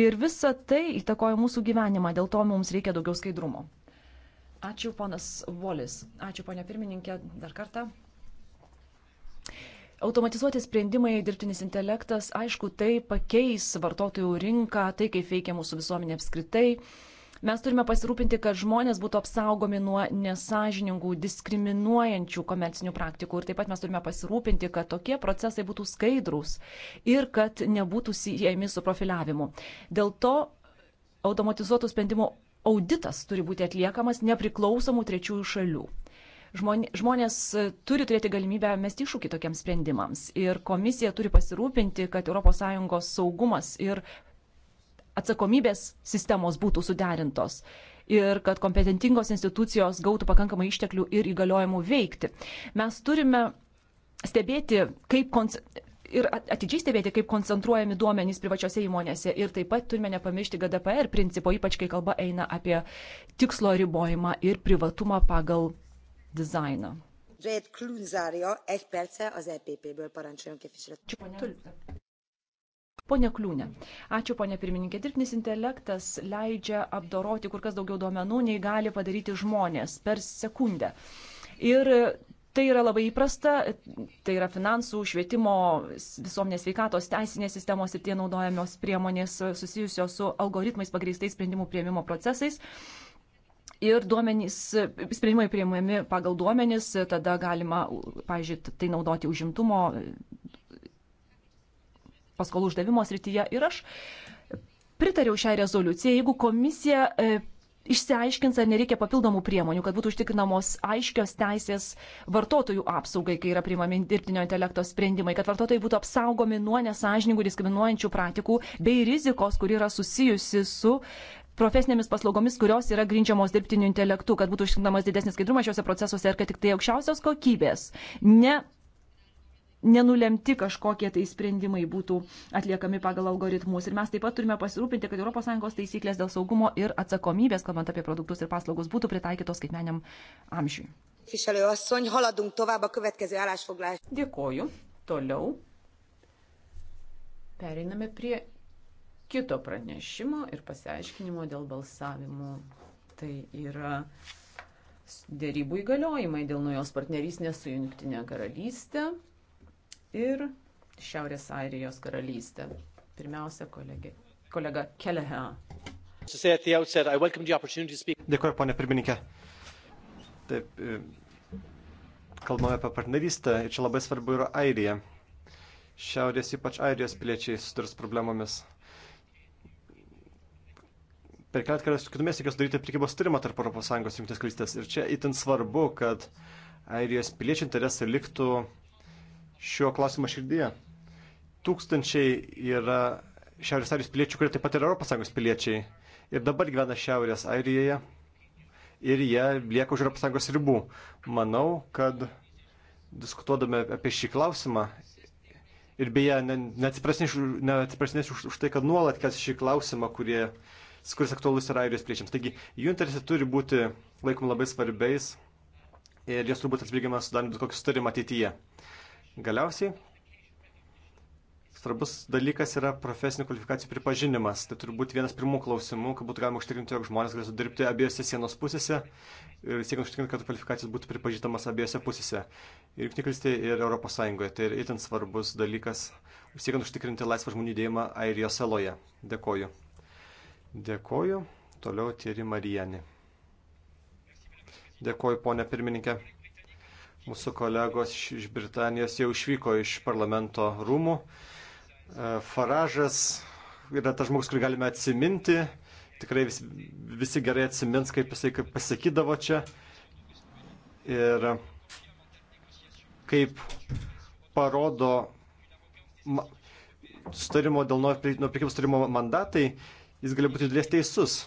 Ir visa tai įtakoja mūsų gyvenimą, dėl to mums reikia daugiau skaidrumo. Ačiū, ponas Volis. Ačiū, ponė pirmininkė, dar kartą. Automatizuoti sprendimai, dirbtinis intelektas, aišku, tai pakeis vartotojų rinką, tai kaip veikia mūsų visuomenė apskritai. Mes turime pasirūpinti, kad žmonės būtų apsaugomi nuo nesažiningų, diskriminuojančių komercinių praktikų ir taip pat mes turime pasirūpinti, kad tokie procesai būtų skaidrūs ir kad nebūtų siejami su profiliavimu. Dėl to automatizuotų sprendimų auditas turi būti atliekamas nepriklausomų trečiųjų šalių. Žmonės e, turi turėti galimybę mesti iššūkį tokiems sprendimams ir komisija turi pasirūpinti, kad ES saugumas ir atsakomybės sistemos būtų suderintos ir kad kompetentingos institucijos gautų pakankamai išteklių ir įgaliojimų veikti. Mes turime stebėti, kaip ir atidžiai stebėti, kaip koncentruojami duomenys privačiose įmonėse. Ir taip pat turime nepamiršti GDPR principo, ypač kai kalba eina apie tikslo ribojimą ir privatumą pagal dizainą. E pone Kliūne, ačiū pone pirmininkė. Dirbtinis intelektas leidžia apdoroti kur kas daugiau duomenų, nei gali padaryti žmonės per sekundę. Ir Tai yra labai įprasta, tai yra finansų, švietimo, visuomenės veikatos, teisinės sistemos ir tie naudojamos priemonės susijusios su algoritmais pagrįstais sprendimų prieimimo procesais. Ir duomenys, sprendimai prieimami pagal duomenys, tada galima, pažiūrėjau, tai naudoti užimtumo paskolų uždavimo srityje. Ir aš pritariau šią rezoliuciją, jeigu komisija išsiaiškins, ar nereikia papildomų priemonių, kad būtų užtikrinamos aiškios teisės vartotojų apsaugai, kai yra priimami dirbtinio intelekto sprendimai, kad vartotojai būtų apsaugomi nuo nesažiningų diskriminuojančių pratikų bei rizikos, kuri yra susijusi su profesinėmis paslaugomis, kurios yra grindžiamos dirbtiniu intelektu, kad būtų užtikrinamas didesnis skaidrumas šiuose procesuose ir kad tik tai aukščiausios kokybės, ne nenulemti kažkokie tai sprendimai būtų atliekami pagal algoritmus. Ir mes taip pat turime pasirūpinti, kad ES taisyklės dėl saugumo ir atsakomybės, kalbant apie produktus ir paslaugus, būtų pritaikytos skaitmeniam amžiui. Dėkoju. Toliau pereiname prie kito pranešimo ir pasiaiškinimo dėl balsavimų. Tai yra dėrybų įgaliojimai dėl naujos partnerystės su Junktinė karalystė ir Šiaurės Airijos karalystę. Pirmiausia, kolegė, kolega Keleha. Dėkuoju, ponė pirmininkė. Taip, e, kalbame apie partnerystę ir čia labai svarbu yra Airija. Šiaurės, ypač Airijos piliečiai susidurs problemomis. Per keletą kartų kitumės reikės daryti prikybos tyrimą tarp ES ir Junktinės karalystės. Ir čia itin svarbu, kad Airijos piliečių interesai liktų šio klausimo širdyje. Tūkstančiai yra Šiaurės Airijos piliečių, kurie taip pat yra ES piliečiai ir dabar gyvena Šiaurės Airijoje ir jie lieka už ES ribų. Manau, kad diskutuodami apie šį klausimą ir beje, neatsiprasinėsiu už, už tai, kad nuolat kas šį klausimą, kurie, kuris aktualus yra Airijos piliečiams. Taigi, jų interesai turi būti laikomi labai svarbiais ir jos turbūt atsbėgimas sudarant kokius sutarimą ateityje. Galiausiai svarbus dalykas yra profesinių kvalifikacijų pripažinimas. Tai turi būti vienas pirmų klausimų, kad būtų galima užtikrinti, jog žmonės galėtų dirbti abiejose sienos pusėse ir siekiant užtikrinti, kad kvalifikacijos būtų pripažįstamas abiejose pusėse. Ir Knikalistė ir Europos Sąjungoje. Tai yra itin svarbus dalykas, siekiant užtikrinti laisvą žmonių judėjimą Airijos saloje. Dėkoju. Dėkoju. Toliau Tyri Marijani. Dėkoju, ponė pirmininkė. Mūsų kolegos iš Britanijos jau išvyko iš parlamento rūmų. E, Faražas yra tas žmogus, kurį galime atsiminti. Tikrai visi, visi gerai atsimins, kaip jisai kaip pasakydavo čia. Ir kaip parodo sutarimo dėl nuo priekybos sutarimo mandatai, jis gali būti dėlės teisus.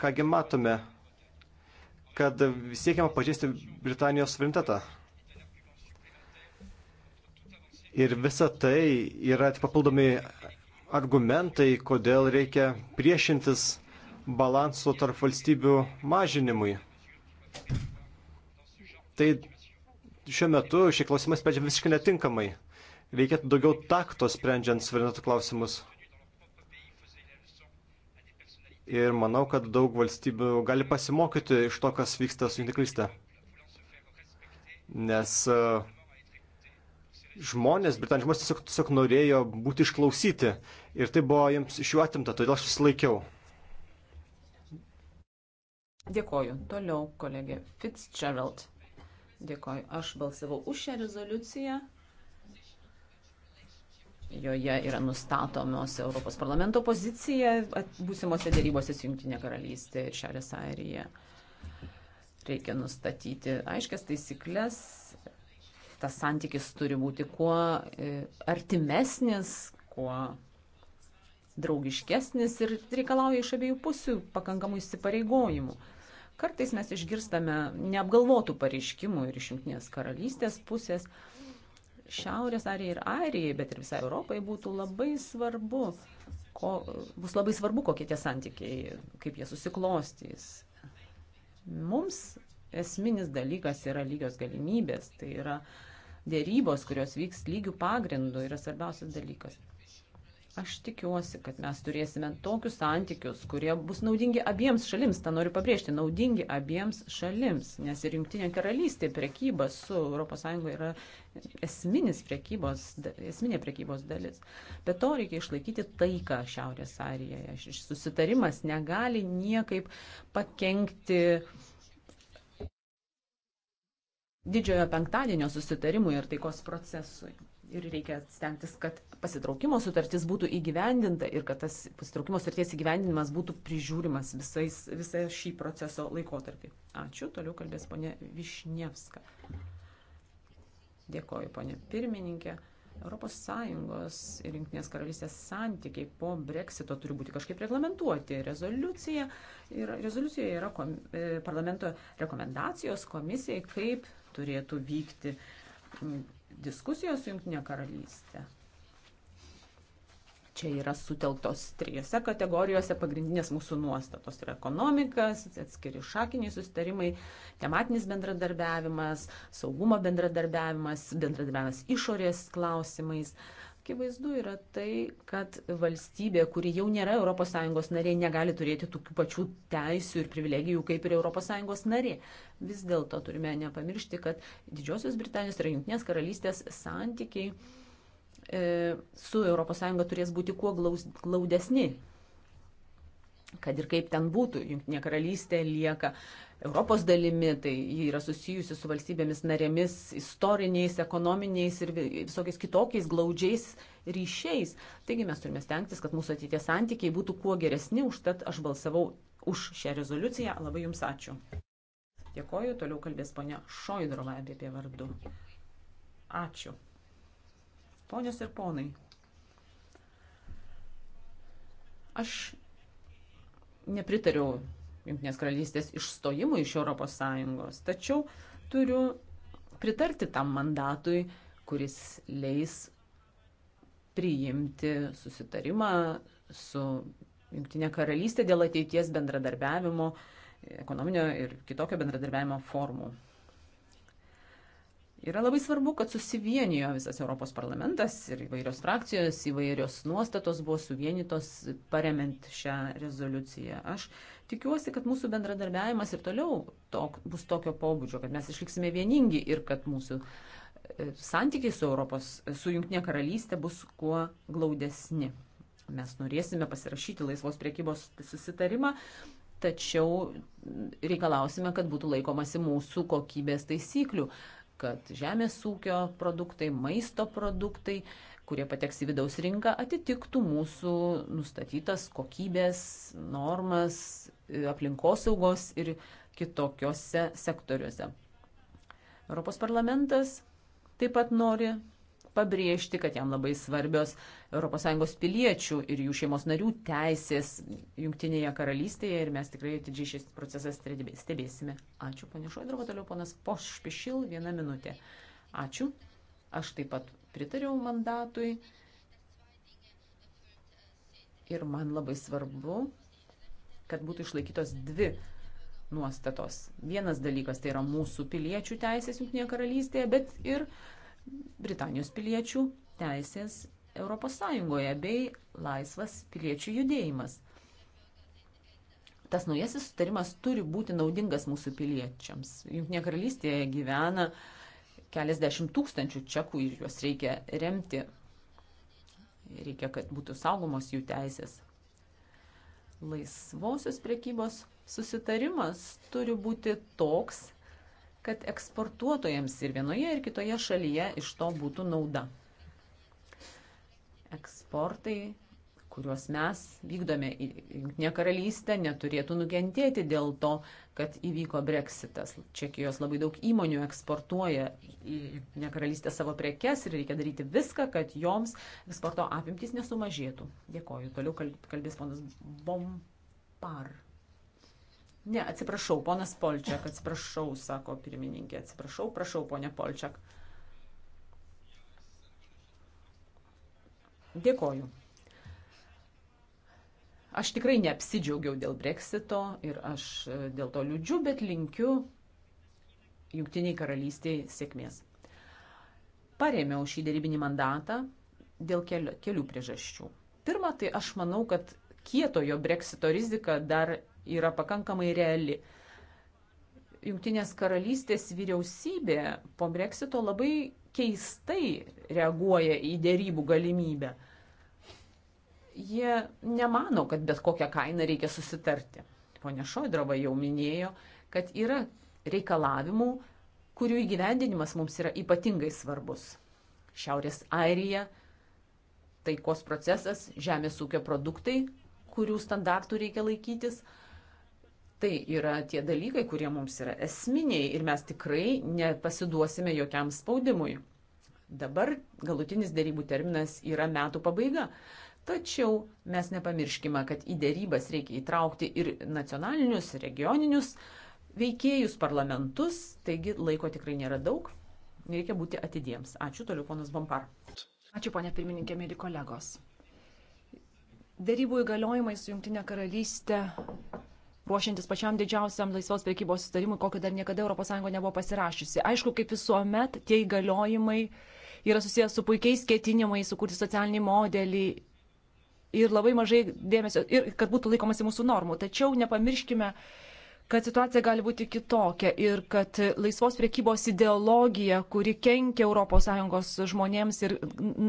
Kągi matome, kad siekiama pažįsti Britanijos suverenitetą. Ir visa tai yra papildomi argumentai, kodėl reikia priešintis balanso tarp valstybių mažinimui. Tai šiuo metu šie klausimai sprendžia visiškai netinkamai. Reikėtų daugiau takto sprendžiant suvereniteto klausimus ir manau, kad daug valstybių gali pasimokyti iš to, kas vyksta su jungtiklyste. Nes e, žmonės, britanų žmonės tiesiog, tiesiog norėjo būti išklausyti ir tai buvo jiems iš jų atimta, todėl aš susilaikiau. Dėkoju. Toliau kolegė Fitzgerald. Dėkoju. Aš balsavau už šią rezoliuciją Joje yra nustatomos Europos parlamento pozicija būsimose dėrybose su Junktinė karalystė ir Šiaurės Airija. Reikia nustatyti aiškias taisyklės. Tas santykis turi būti kuo e, artimesnis, kuo draugiškesnis ir reikalauja iš abiejų pusių pakankamų įsipareigojimų. Kartais mes išgirstame neapgalvotų pareiškimų ir iš Junktinės karalystės pusės. Uh, Šiaurės Airijai ir Airijai, bet ir visai Europai būtų labai svarbu, ko, bus labai svarbu, kokie tie santykiai, kaip jie susiklostys. Mums esminis dalykas yra lygios galimybės, tai yra dėrybos, kurios vyks lygių pagrindų, yra svarbiausias dalykas. Aš tikiuosi, kad mes turėsime tokius santykius, kurie bus naudingi abiems šalims, tą noriu pabrėžti, naudingi abiems šalims, nes ir Junktinė karalystė prekyba su ES yra esminis prekybos, esminė prekybos dalis. Bet to reikia išlaikyti taiką Šiaurės Arijoje. Susitarimas negali niekaip pakengti didžiojo penktadienio susitarimui ir taikos procesui. Ir reikia stengtis, kad pasitraukimo sutartis būtų įgyvendinta ir kad tas pasitraukimo sutarties įgyvendinimas būtų prižiūrimas visais, visą šį proceso laikotarpį. Ačiū, toliau kalbės ponė Višnievska. Dėkoju, ponė pirmininkė. ES ir Junktinės karalystės santykiai po breksito turi būti kažkaip reglamentuoti. Rezoliucija yra, rezoliucijoje yra kom, e, parlamento rekomendacijos komisijai, kaip turėtų vykti diskusijos su Junktinė karalystė. Čia yra sutelktos trijose kategorijose pagrindinės mūsų nuostatos tai - yra ekonomikas, atskiri šakiniai sustarimai, tematinis bendradarbiavimas, saugumo bendradarbiavimas, bendradarbiavimas išorės klausimais. Akivaizdu yra tai, kad valstybė, kuri jau nėra ES narė, negali turėti tokių pačių teisių ir privilegijų kaip ir ES narė. Vis dėlto turime nepamiršti, kad Didžiosios Britanijos ir Junktinės karalystės santykiai uh, E, su ES turės būti kuo glaudesni. Kad ir kaip ten būtų, Junktinė karalystė lieka Europos dalimi, tai ji yra susijusi su valstybėmis narėmis istoriniais, ekonominiais ir visokiais kitokiais glaudžiais ryšiais. Taigi mes turime stengtis, kad mūsų ateities santykiai būtų kuo geresni, užtat aš balsavau už šią rezoliuciją. Labai Jums ačiū. Dėkoju, toliau kalbės ponia Šoidrova apie vardu. Ačiū. Ponios ir ponai, aš nepritariau Junktinės karalystės išstojimui iš ES, tačiau turiu pritarti tam mandatui, kuris leis priimti susitarimą su Junktinė karalystė dėl ateities bendradarbiavimo, ekonominio ir kitokio bendradarbiavimo formų. Yra labai svarbu, kad susivienijo visas Europos parlamentas ir įvairios frakcijos, įvairios nuostatos buvo suvienytos paremint šią rezoliuciją. Aš tikiuosi, kad mūsų bendradarbiavimas ir toliau tok, bus tokio pobūdžio, kad mes išliksime vieningi ir kad mūsų e, santykiai su Europos, su Junktinė karalystė bus kuo glaudesni. Mes norėsime pasirašyti laisvos priekybos susitarimą, tačiau reikalausime, kad būtų laikomasi mūsų kokybės taisyklių kad žemės ūkio produktai, maisto produktai, kurie pateks į vidaus rinką, atitiktų mūsų nustatytas kokybės normas e, aplinkosaugos ir kitokiuose sektoriuose. Europos parlamentas taip pat nori pabrėžti, kad jam labai svarbios ES piliečių ir jų šeimos narių teisės Junktinėje karalystėje ir mes tikrai atidžiai šis procesas stebėsime. Ačiū, ponė Šoidrovo, toliau ponas Pošpišil, vieną minutę. Ačiū. Aš taip pat pritariau mandatui ir man labai svarbu, kad būtų išlaikytos dvi nuostatos. Vienas dalykas tai yra mūsų piliečių teisės Junktinėje karalystėje, bet ir uh, Britanijos piliečių teisės ES bei laisvas piliečių judėjimas. Tas naujasis sutarimas turi būti naudingas mūsų piliečiams. Junktinė karalystėje gyvena keliasdešimt tūkstančių čekų ir juos reikia remti. Reikia, kad būtų saugomos jų teisės. Laisvosios prekybos susitarimas turi būti toks, kad eksportuotojams ir vienoje, ir kitoje šalyje iš to būtų nauda. Eksportai, kuriuos mes vykdome į Junktinę karalystę, neturėtų nukentėti dėl to, kad įvyko breksitas. Čekijos labai daug įmonių eksportuoja į Junktinę karalystę savo prekes ir reikia daryti viską, kad joms eksporto apimtys nesumažėtų. Dėkoju. Toliau kalbės ponas Bompar. Ne, atsiprašau, ponas Polčiak, atsiprašau, sako pirmininkė, atsiprašau, prašau, ponė Polčiak. Dėkoju. Aš tikrai neapsidžiaugiau dėl breksito ir aš e, dėl to liūdžiu, bet linkiu Junktiniai karalystiai sėkmės. Paremiau šį dėrybinį mandatą dėl kelių, kelių priežasčių. Pirma, tai aš manau, kad kietojo breksito rizika dar yra pakankamai reali. Junktinės karalystės vyriausybė po breksito labai keistai reaguoja į dėrybų galimybę. Jie nemano, kad bet kokią kainą reikia susitarti. Pone Šoidrava jau minėjo, kad yra reikalavimų, kurių įgyvendinimas mums yra ypatingai svarbus. Šiaurės Airija, taikos procesas, žemės ūkio produktai, kurių standartų reikia laikytis – Tai yra tie dalykai, kurie mums yra esminiai ir mes tikrai nepasiduosime jokiam spaudimui. Dabar galutinis dėrybų terminas yra metų pabaiga. Tačiau mes nepamirškime, kad į dėrybas reikia įtraukti ir nacionalinius, regioninius veikėjus, parlamentus, taigi laiko tikrai nėra daug, reikia būti atidiems. Ačiū toliau, ponas Bompar. Ačiū, ponė pirmininkė, mėly kolegos. Dėrybų įgaliojimai su Junktinė karalystė ruošiantis pačiam didžiausiam laisvos prekybos sustarimui, kokio dar niekada ES nebuvo pasirašysi. Aišku, kaip visuomet, tie įgaliojimai yra susijęs su puikiais ketinimais sukurti socialinį modelį ir labai mažai dėmesio, ir kad būtų laikomasi mūsų normų. Tačiau nepamirškime, kad situacija gali būti kitokia ir kad laisvos priekybos ideologija, kuri kenkia ES žmonėms ir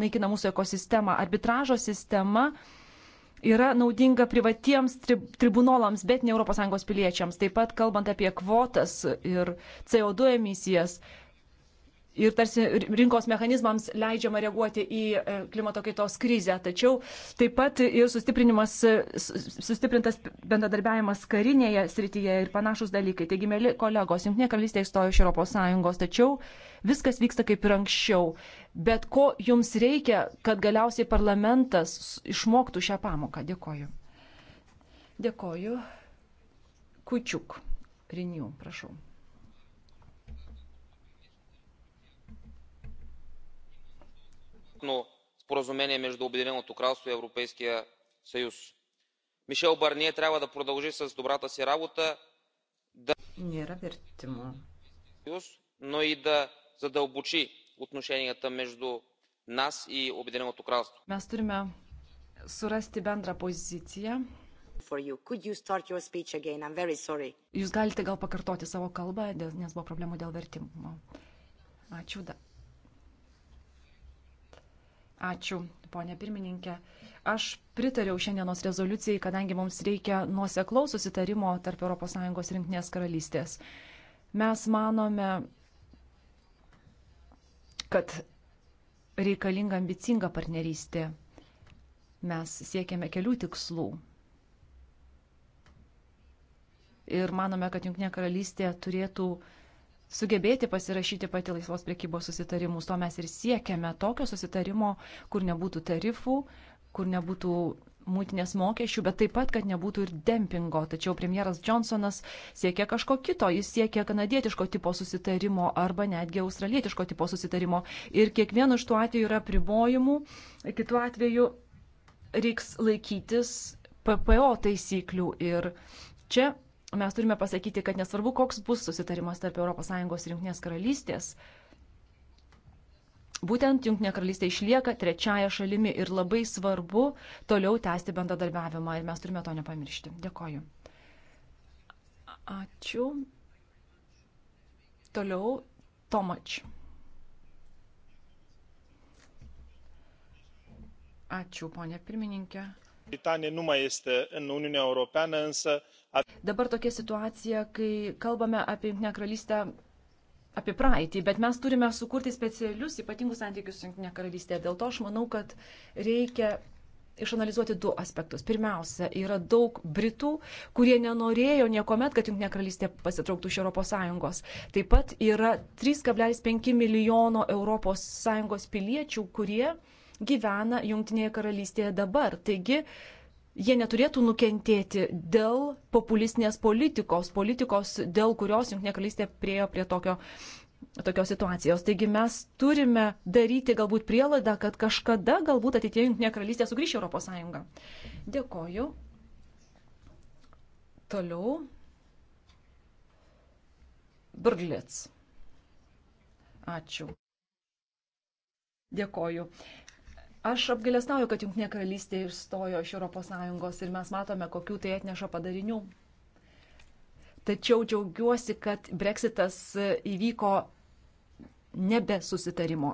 naikina mūsų ekosistemą, arbitražo sistema, sistema yra naudinga privatiems tri tribunolams, bet ne ES piliečiams. Taip pat kalbant apie kvotas ir CO2 emisijas, ir tarsi rinkos mechanizmams leidžiama reaguoti į e, klimato kaitos krizę. Tačiau taip pat ir sustiprintas bendradarbiavimas karinėje srityje ir panašus dalykai. Taigi, mėly kolegos, Junktinė karalystė įstojo iš ES, tačiau viskas vyksta kaip ir anksčiau. Bet ko jums reikia, kad galiausiai parlamentas išmoktų šią pamoką? Dėkoju. Dėkoju. Kučiuk. Rinių, prašau. сухопътно споразумение между обединеното кралство и европейския съюз. мишел барние трябва да продължи с добрата си работа но и да задълбочи отношенията между нас и обединеното кралство. mes turime surasti bendrą poziciją. You. You Jūs galite gal pakartoti savo kalbą, nes buvo problemų dėl vertimo. Ačiū. Da. Ačiū, ponė pirmininkė. Aš pritariau šiandienos rezoliucijai, kadangi mums reikia nuoseklaus susitarimo tarp ES ir Junktinės karalystės. Mes manome, kad reikalinga ambicinga partnerystė. Mes siekiame kelių tikslų. Ir manome, kad Junktinė karalystė turėtų uh, sugebėti pasirašyti pati laisvos priekybos susitarimus. To mes ir siekiame tokio susitarimo, kur nebūtų tarifų, kur nebūtų mūtinės mokesčių, bet taip pat, kad nebūtų ir dempingo. Tačiau premjeras Johnsonas siekia kažko kito. Jis siekia kanadietiško tipo susitarimo arba netgi australietiško tipo susitarimo. Ir kiekvienu iš tų atvejų yra pribojimų. Kitu atveju reiks laikytis PPO taisyklių. Ir čia mes turime pasakyti, kad nesvarbu, koks bus susitarimas tarp ES ir Junktinės karalystės, būtent Junktinė karalystė išlieka trečiaja šalimi ir labai svarbu toliau tęsti bendradarbiavimą ir mes turime to nepamiršti. Dėkoju. Ačiū. Toliau Tomač. Ačiū, ponė pirmininkė. Britanija nu mai este în Uniunea Europeană, însă Dabar tokia situacija, kai kalbame apie Junktinę karalystę, apie praeitį, bet mes turime sukurti specialius ypatingus santykius su Junktinė karalystė. Dėl to aš manau, kad reikia išanalizuoti du aspektus. Pirmiausia, yra daug Britų, kurie nenorėjo niekuomet, kad Junktinė karalystė pasitrauktų iš ES. Taip pat yra 3,5 milijono ES piliečių, kurie gyvena Junktinėje karalystėje dabar. Taigi, jie neturėtų nukentėti dėl populistinės politikos, politikos, dėl kurios Junktinė karalystė priejo prie tokio, tokios situacijos. Taigi mes turime daryti galbūt prielaidą, kad kažkada galbūt ateitie Junktinė karalystė sugrįš į Europos Sąjungą. Dėkoju. Toliau. Burglitz. Ačiū. Dėkoju. Aš apgailestauju, kad Junktinė karalystė išstojo iš ES ir mes matome, kokių tai atneša padarinių. Tačiau džiaugiuosi, kad breksitas įvyko nebe susitarimo.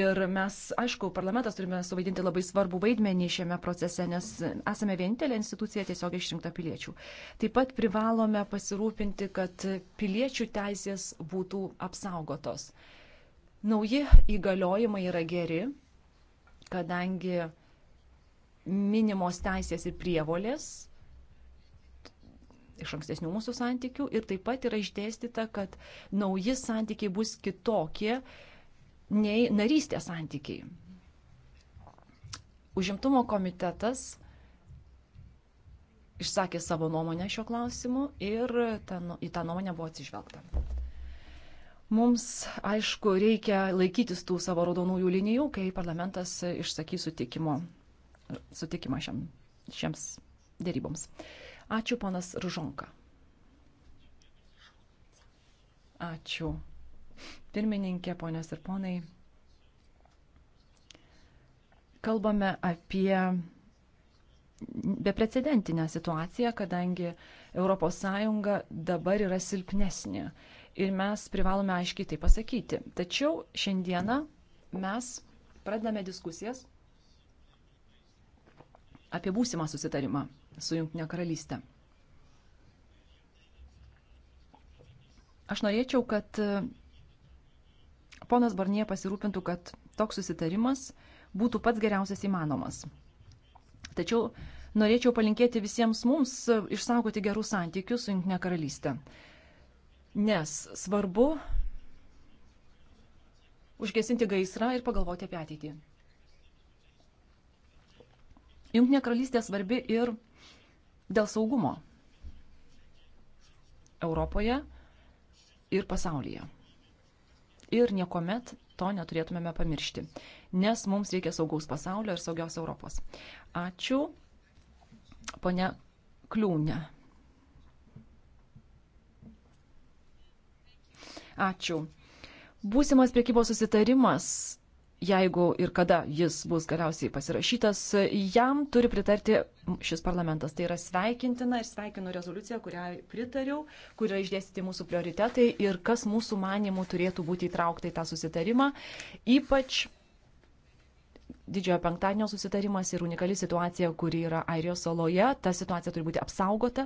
Ir mes, aišku, parlamentas turime suvaidinti labai svarbų vaidmenį šiame procese, nes esame vienintelė institucija tiesiog išrinkta piliečių. Taip pat privalome pasirūpinti, kad piliečių teisės būtų apsaugotos. Nauji įgaliojimai yra geri, kadangi minimos teisės ir prievolės iš ankstesnių mūsų santykių ir taip pat yra išdėstyta, kad nauji santykiai bus kitokie nei narystės santykiai. Užimtumo komitetas išsakė savo nuomonę šiuo klausimu ir ta, nu- į tą nuomonę buvo atsižvelgta. Mums, aišku, reikia laikytis tų savo raudonųjų linijų, kai parlamentas išsakys sutikimo, sutikimą šiam, šiems dėryboms. Ačiū, ponas Ružonka. Ačiū. Pirmininkė, ponės ir ponai. Kalbame apie beprecedentinę situaciją, kadangi ES dabar yra silpnesnė ir mes privalome aiškiai tai pasakyti. Tačiau šiandieną mes pradedame diskusijas apie būsimą susitarimą su Junktinė karalystė. Aš norėčiau, kad e, ponas Barnie pasirūpintų, kad toks susitarimas būtų pats geriausias įmanomas. Tačiau norėčiau palinkėti visiems mums e, išsaugoti gerus santykius su Junktinė karalystė nes svarbu užgesinti gaisrą ir pagalvoti apie ateitį. Junktinė karalystė svarbi ir dėl saugumo Europoje ir pasaulyje. Ir niekuomet to neturėtumėme pamiršti, nes mums reikia saugaus pasaulio ir saugios Europos. Ačiū, ponia Kliūne. Ačiū. Būsimas priekybos susitarimas, jeigu ir kada jis bus galiausiai pasirašytas, jam turi pritarti šis parlamentas. Tai yra sveikintina ir sveikinu rezoliuciją, kurią pritariau, kurioje išdėstyti mūsų prioritetai ir kas mūsų manimų turėtų būti įtraukta į tą susitarimą. Ypač didžiojo penktadienio susitarimas ir unikali situacija, kuri yra Airijos saloje. Ta situacija turi būti apsaugota.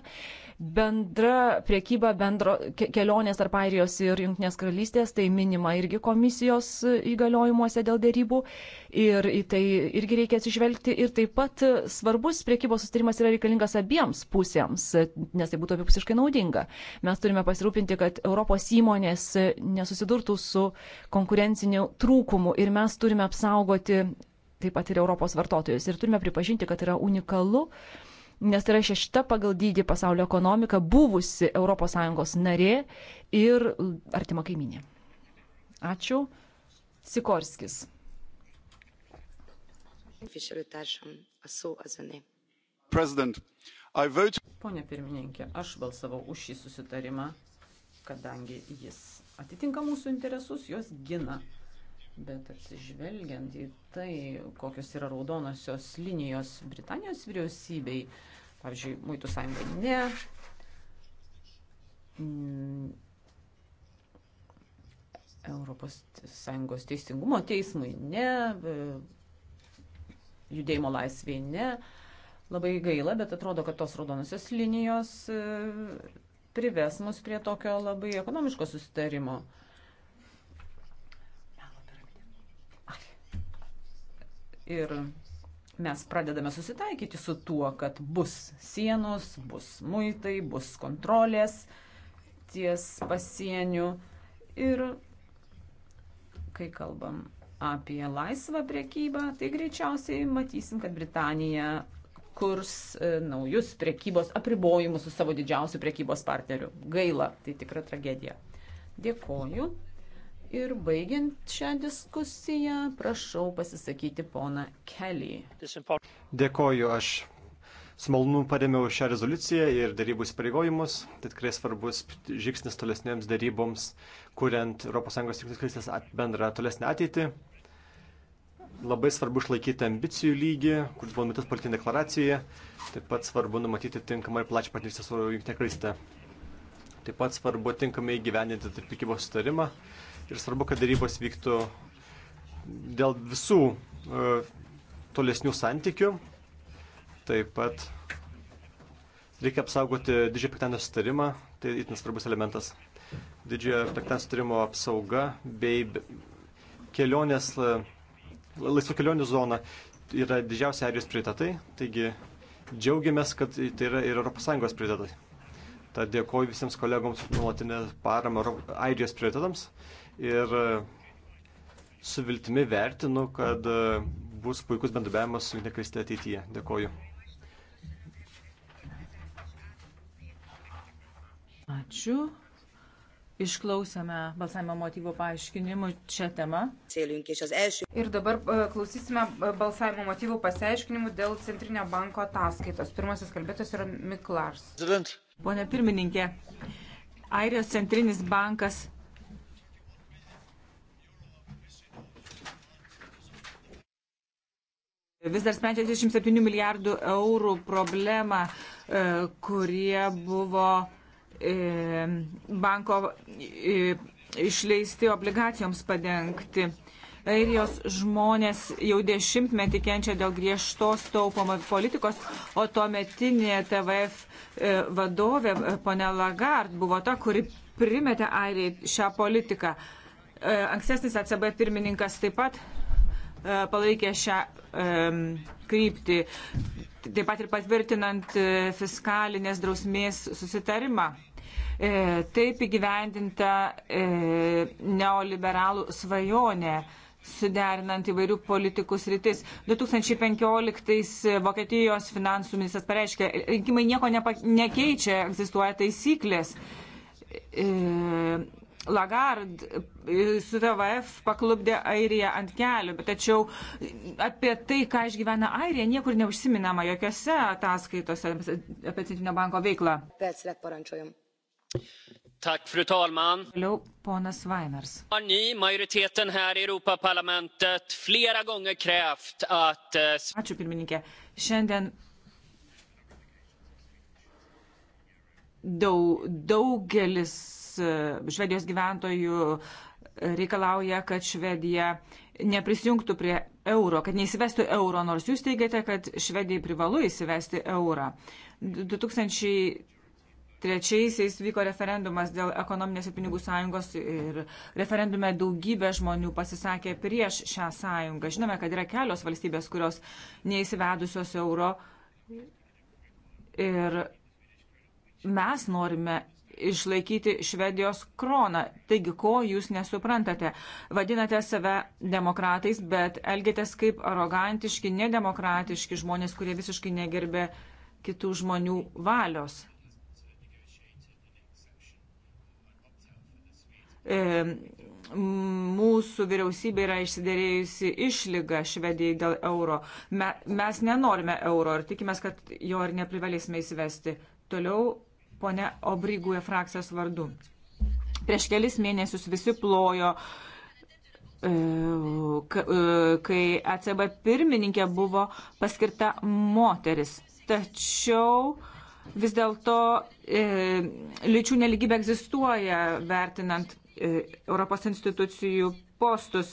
Bendra priekyba, bendro kelionės tarp Airijos ir Junktinės karalystės, tai minima irgi komisijos įgaliojimuose dėl dėrybų. Ir į tai irgi reikia atsižvelgti. Ir taip pat svarbus priekybos susitarimas yra reikalingas abiems pusėms, nes tai būtų abipusiškai naudinga. Mes turime pasirūpinti, kad Europos įmonės nesusidurtų su konkurenciniu trūkumu ir mes turime apsaugoti taip pat ir Europos vartotojus. Ir turime pripažinti, kad yra unikalu, nes tai yra šešta pagal dydį pasaulio ekonomika, buvusi ES narė ir artima kaiminė. Ačiū. Sikorskis. Pone pirmininkė, aš balsavau už šį susitarimą, kadangi jis atitinka mūsų interesus, juos gina. Bet atsižvelgiant į tai, kokios yra raudonosios linijos Britanijos vyriausybei, pavyzdžiui, Muitų sąjunga ne, mm, Europos sąjungos teisingumo teismui ne, e, judėjimo laisvėje ne. Labai gaila, bet atrodo, kad tos raudonosios linijos e, prives mus prie tokio labai ekonomiško susitarimo. Ir mes pradedame susitaikyti su tuo, kad bus sienos, bus muitai, bus kontrolės ties pasieniu. Ir kai kalbam apie laisvą priekybą, tai greičiausiai matysim, kad Britanija kurs e, naujus priekybos apribojimus su savo didžiausiu priekybos partneriu. Gaila, tai tikra tragedija. Dėkoju. Ir baigiant šią diskusiją, prašau pasisakyti poną Kelly. Dėkoju, aš su malonumu paremiau šią rezoliuciją ir darybų įsipareigojimus. Tai tikrai svarbus žingsnis tolesnėms daryboms, kuriant ES tikslistės bendrą tolesnę ateitį. Labai svarbu išlaikyti ambicijų lygį, kuris buvo numatytas politinėje deklaracijoje. Taip pat svarbu numatyti tinkamą ir plačią partnerystę su Junktinė karalystė. Taip pat svarbu tinkamai gyveninti tarp prekybos sutarimą ir svarbu, kad darybos vyktų dėl visų e, tolesnių santykių. Taip pat reikia apsaugoti Didžiojo Piktanio sutarimą, tai itin svarbus elementas. Didžiojo Piktanio sutarimo apsauga bei kelionės, e, laisvų kelionių zona yra didžiausia Airijos prioritetai, taigi džiaugiamės, kad tai yra ir ES prioritetai. Tad dėkoju visiems kolegoms nuolatinę paramą Airijos prioritetams ir e, su viltimi vertinu, kad e, bus puikus bendrabiavimas su Jungtinė ateityje. Dėkoju. Ačiū. Išklausėme balsavimo motyvo paaiškinimų šią temą. Ir dabar e, klausysime balsavimo motyvų pasiaiškinimų dėl Centrinio banko ataskaitos. Pirmasis kalbėtas yra Miklars. Pone pirmininkė, Airijos Centrinis bankas Vis dar sprendžia 27 milijardų eurų problemą, e, kurie buvo e, banko e, išleisti obligacijoms padengti. Airijos žmonės jau dešimtmetį kenčia dėl griežtos taupomo politikos, o tuo metinė TVF vadovė, ponė Lagard, buvo ta, kuri primetė Airijai šią politiką. Ankstesnis ECB pirmininkas taip pat E, palaikė šią e, kryptį, taip pat ir patvirtinant e, fiskalinės drausmės susitarimą. Taip įgyvendinta neoliberalų svajonė suderinant įvairių politikų sritis. 2015 Vokietijos finansų ministras pareiškė, rinkimai nieko nepa, nekeičia, egzistuoja taisyklės. E, Lagard e, su TVF paklubdė Airiją ant kelių, bet tačiau apie tai, ką išgyvena Airija, niekur neužsiminama jokiose ataskaitose apie Centrinio banko veiklą. Tak, fru talman. Toliau ponas Vainers. Har ni, majoriteten här i Europaparlamentet, flera gånger krävt att... Eh, Ačiū pirmininkė. Šiandien daug, daugelis E, Švedijos gyventojų reikalauja, kad Švedija neprisijungtų prie euro, kad neįsivestų euro, nors jūs teigiate, kad Švedijai privalu įsivesti eurą. 2003-aisiais vyko referendumas dėl ekonominės ir pinigų sąjungos ir referendume daugybė žmonių pasisakė prieš šią sąjungą. Žinome, kad yra kelios valstybės, kurios neįsivedusios euro ir mes norime išlaikyti Švedijos kroną. Taigi, ko jūs nesuprantate? Vadinate save demokratais, bet elgėtės kaip arogantiški, nedemokratiški žmonės, kurie visiškai negerbė kitų žmonių valios. E, mūsų vyriausybė yra išsiderėjusi išlygą Švedijai dėl euro. Me, mes nenorime euro ir tikimės, kad jo ir neprivalėsime įsivesti. Toliau ponia Obriguje frakcijos vardu. Prieš kelis mėnesius visi plojo, e, e, kai ACB pirmininkė buvo paskirta moteris. Tačiau vis dėlto e, lyčių neligybė egzistuoja vertinant Europos institucijų postus.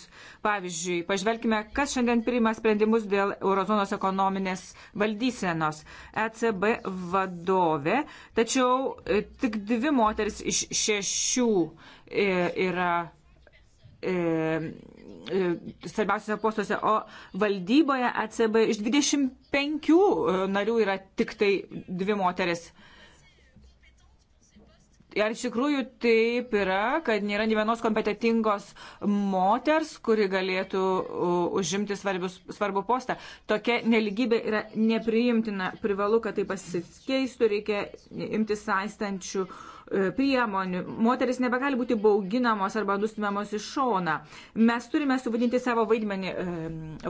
Pavyzdžiui, pažvelkime, kas šiandien priima sprendimus dėl eurozonos ekonominės valdysenos. ECB vadovė, tačiau e, tik dvi moteris iš šešių e, yra e, svarbiausiose postuose, o valdyboje ECB iš 25 narių yra tik tai dvi moteris. Ar iš tikrųjų taip yra, kad nėra nei vienos kompetitingos moters, kuri galėtų užimti svarbius, svarbų postą? Tokia neligybė yra nepriimtina. Privalu, kad tai pasikeistų, reikia imti saistančių e, priemonių. Moteris nebegali būti bauginamos arba nustumiamos į šoną. Mes turime suvadinti savo vaidmenį e,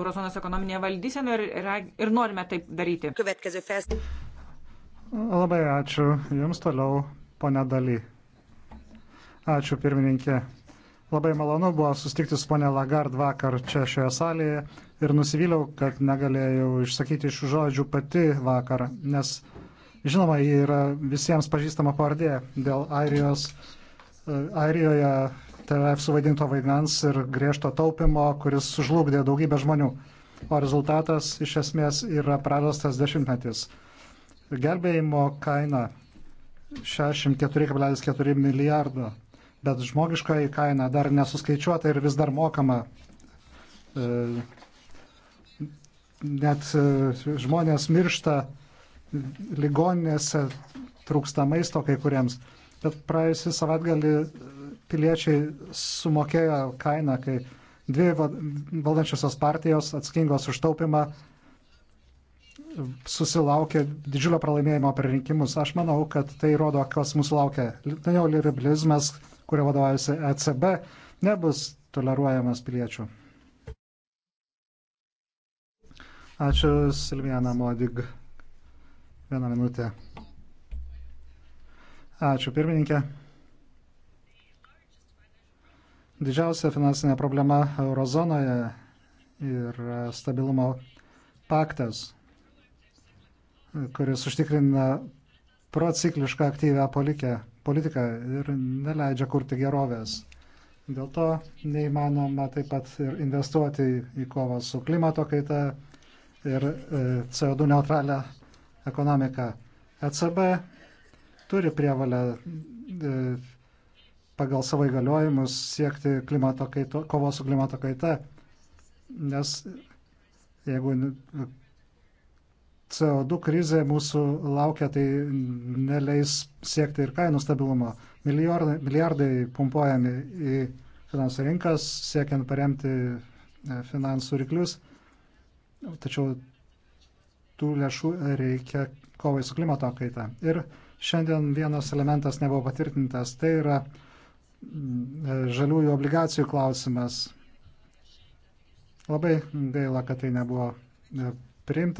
Eurozonos ekonominėje valdysenoje ir, ir, ir norime taip daryti. Labai ačiū. Jums toliau ponia Daly. Ačiū, pirmininkė. Labai malonu buvo sustikti su ponia Lagard vakar čia šioje salėje ir nusivyliau, kad negalėjau išsakyti šių žodžių pati vakar, nes žinoma, ji yra visiems pažįstama pavardė dėl Airijos, e, Airijoje TVF suvaidinto vaidmens ir griežto taupimo, kuris sužlugdė daugybę žmonių. O rezultatas iš esmės yra prarastas dešimtmetis. Gelbėjimo kaina 64,4 milijardo, bet žmogiškoji kaina dar nesuskaičiuota ir vis dar mokama. E, net e, žmonės miršta ligoninėse, trūksta maisto kai kuriems. Bet praėjusį savaitgalį piliečiai sumokėjo kainą, kai dvi valdančiosios partijos atskingos už taupimą susilaukė didžiulio pralaimėjimo per rinkimus. Aš manau, kad tai rodo, kas mūsų laukia. Neoliberalizmas, kurio vadovaujasi ECB, nebus toleruojamas piliečių. Ačiū Silvijana Modig. Vieną minutę. Ačiū pirmininkė. Didžiausia finansinė problema eurozonoje yra stabilumo paktas kuris užtikrina prociklišką aktyvę politikę, politiką ir neleidžia kurti gerovės. Dėl to neįmanoma taip pat ir investuoti į kovą su klimato kaita ir e, CO2 neutralią ekonomiką. ECB turi prievalę e, pagal savo įgaliojimus siekti klimato kaito, kovos su klimato kaita, nes jeigu CO2 krizė mūsų laukia, tai neleis siekti ir kainų stabilumo. Milijardai, milijardai pumpuojami į finansų rinkas, siekiant paremti e, finansų ryklius, tačiau tų lėšų reikia kovai su klimato kaita. Ir šiandien vienas elementas nebuvo patvirtintas, tai yra mm, e, žaliųjų obligacijų klausimas. Labai gaila, kad tai nebuvo e, priimta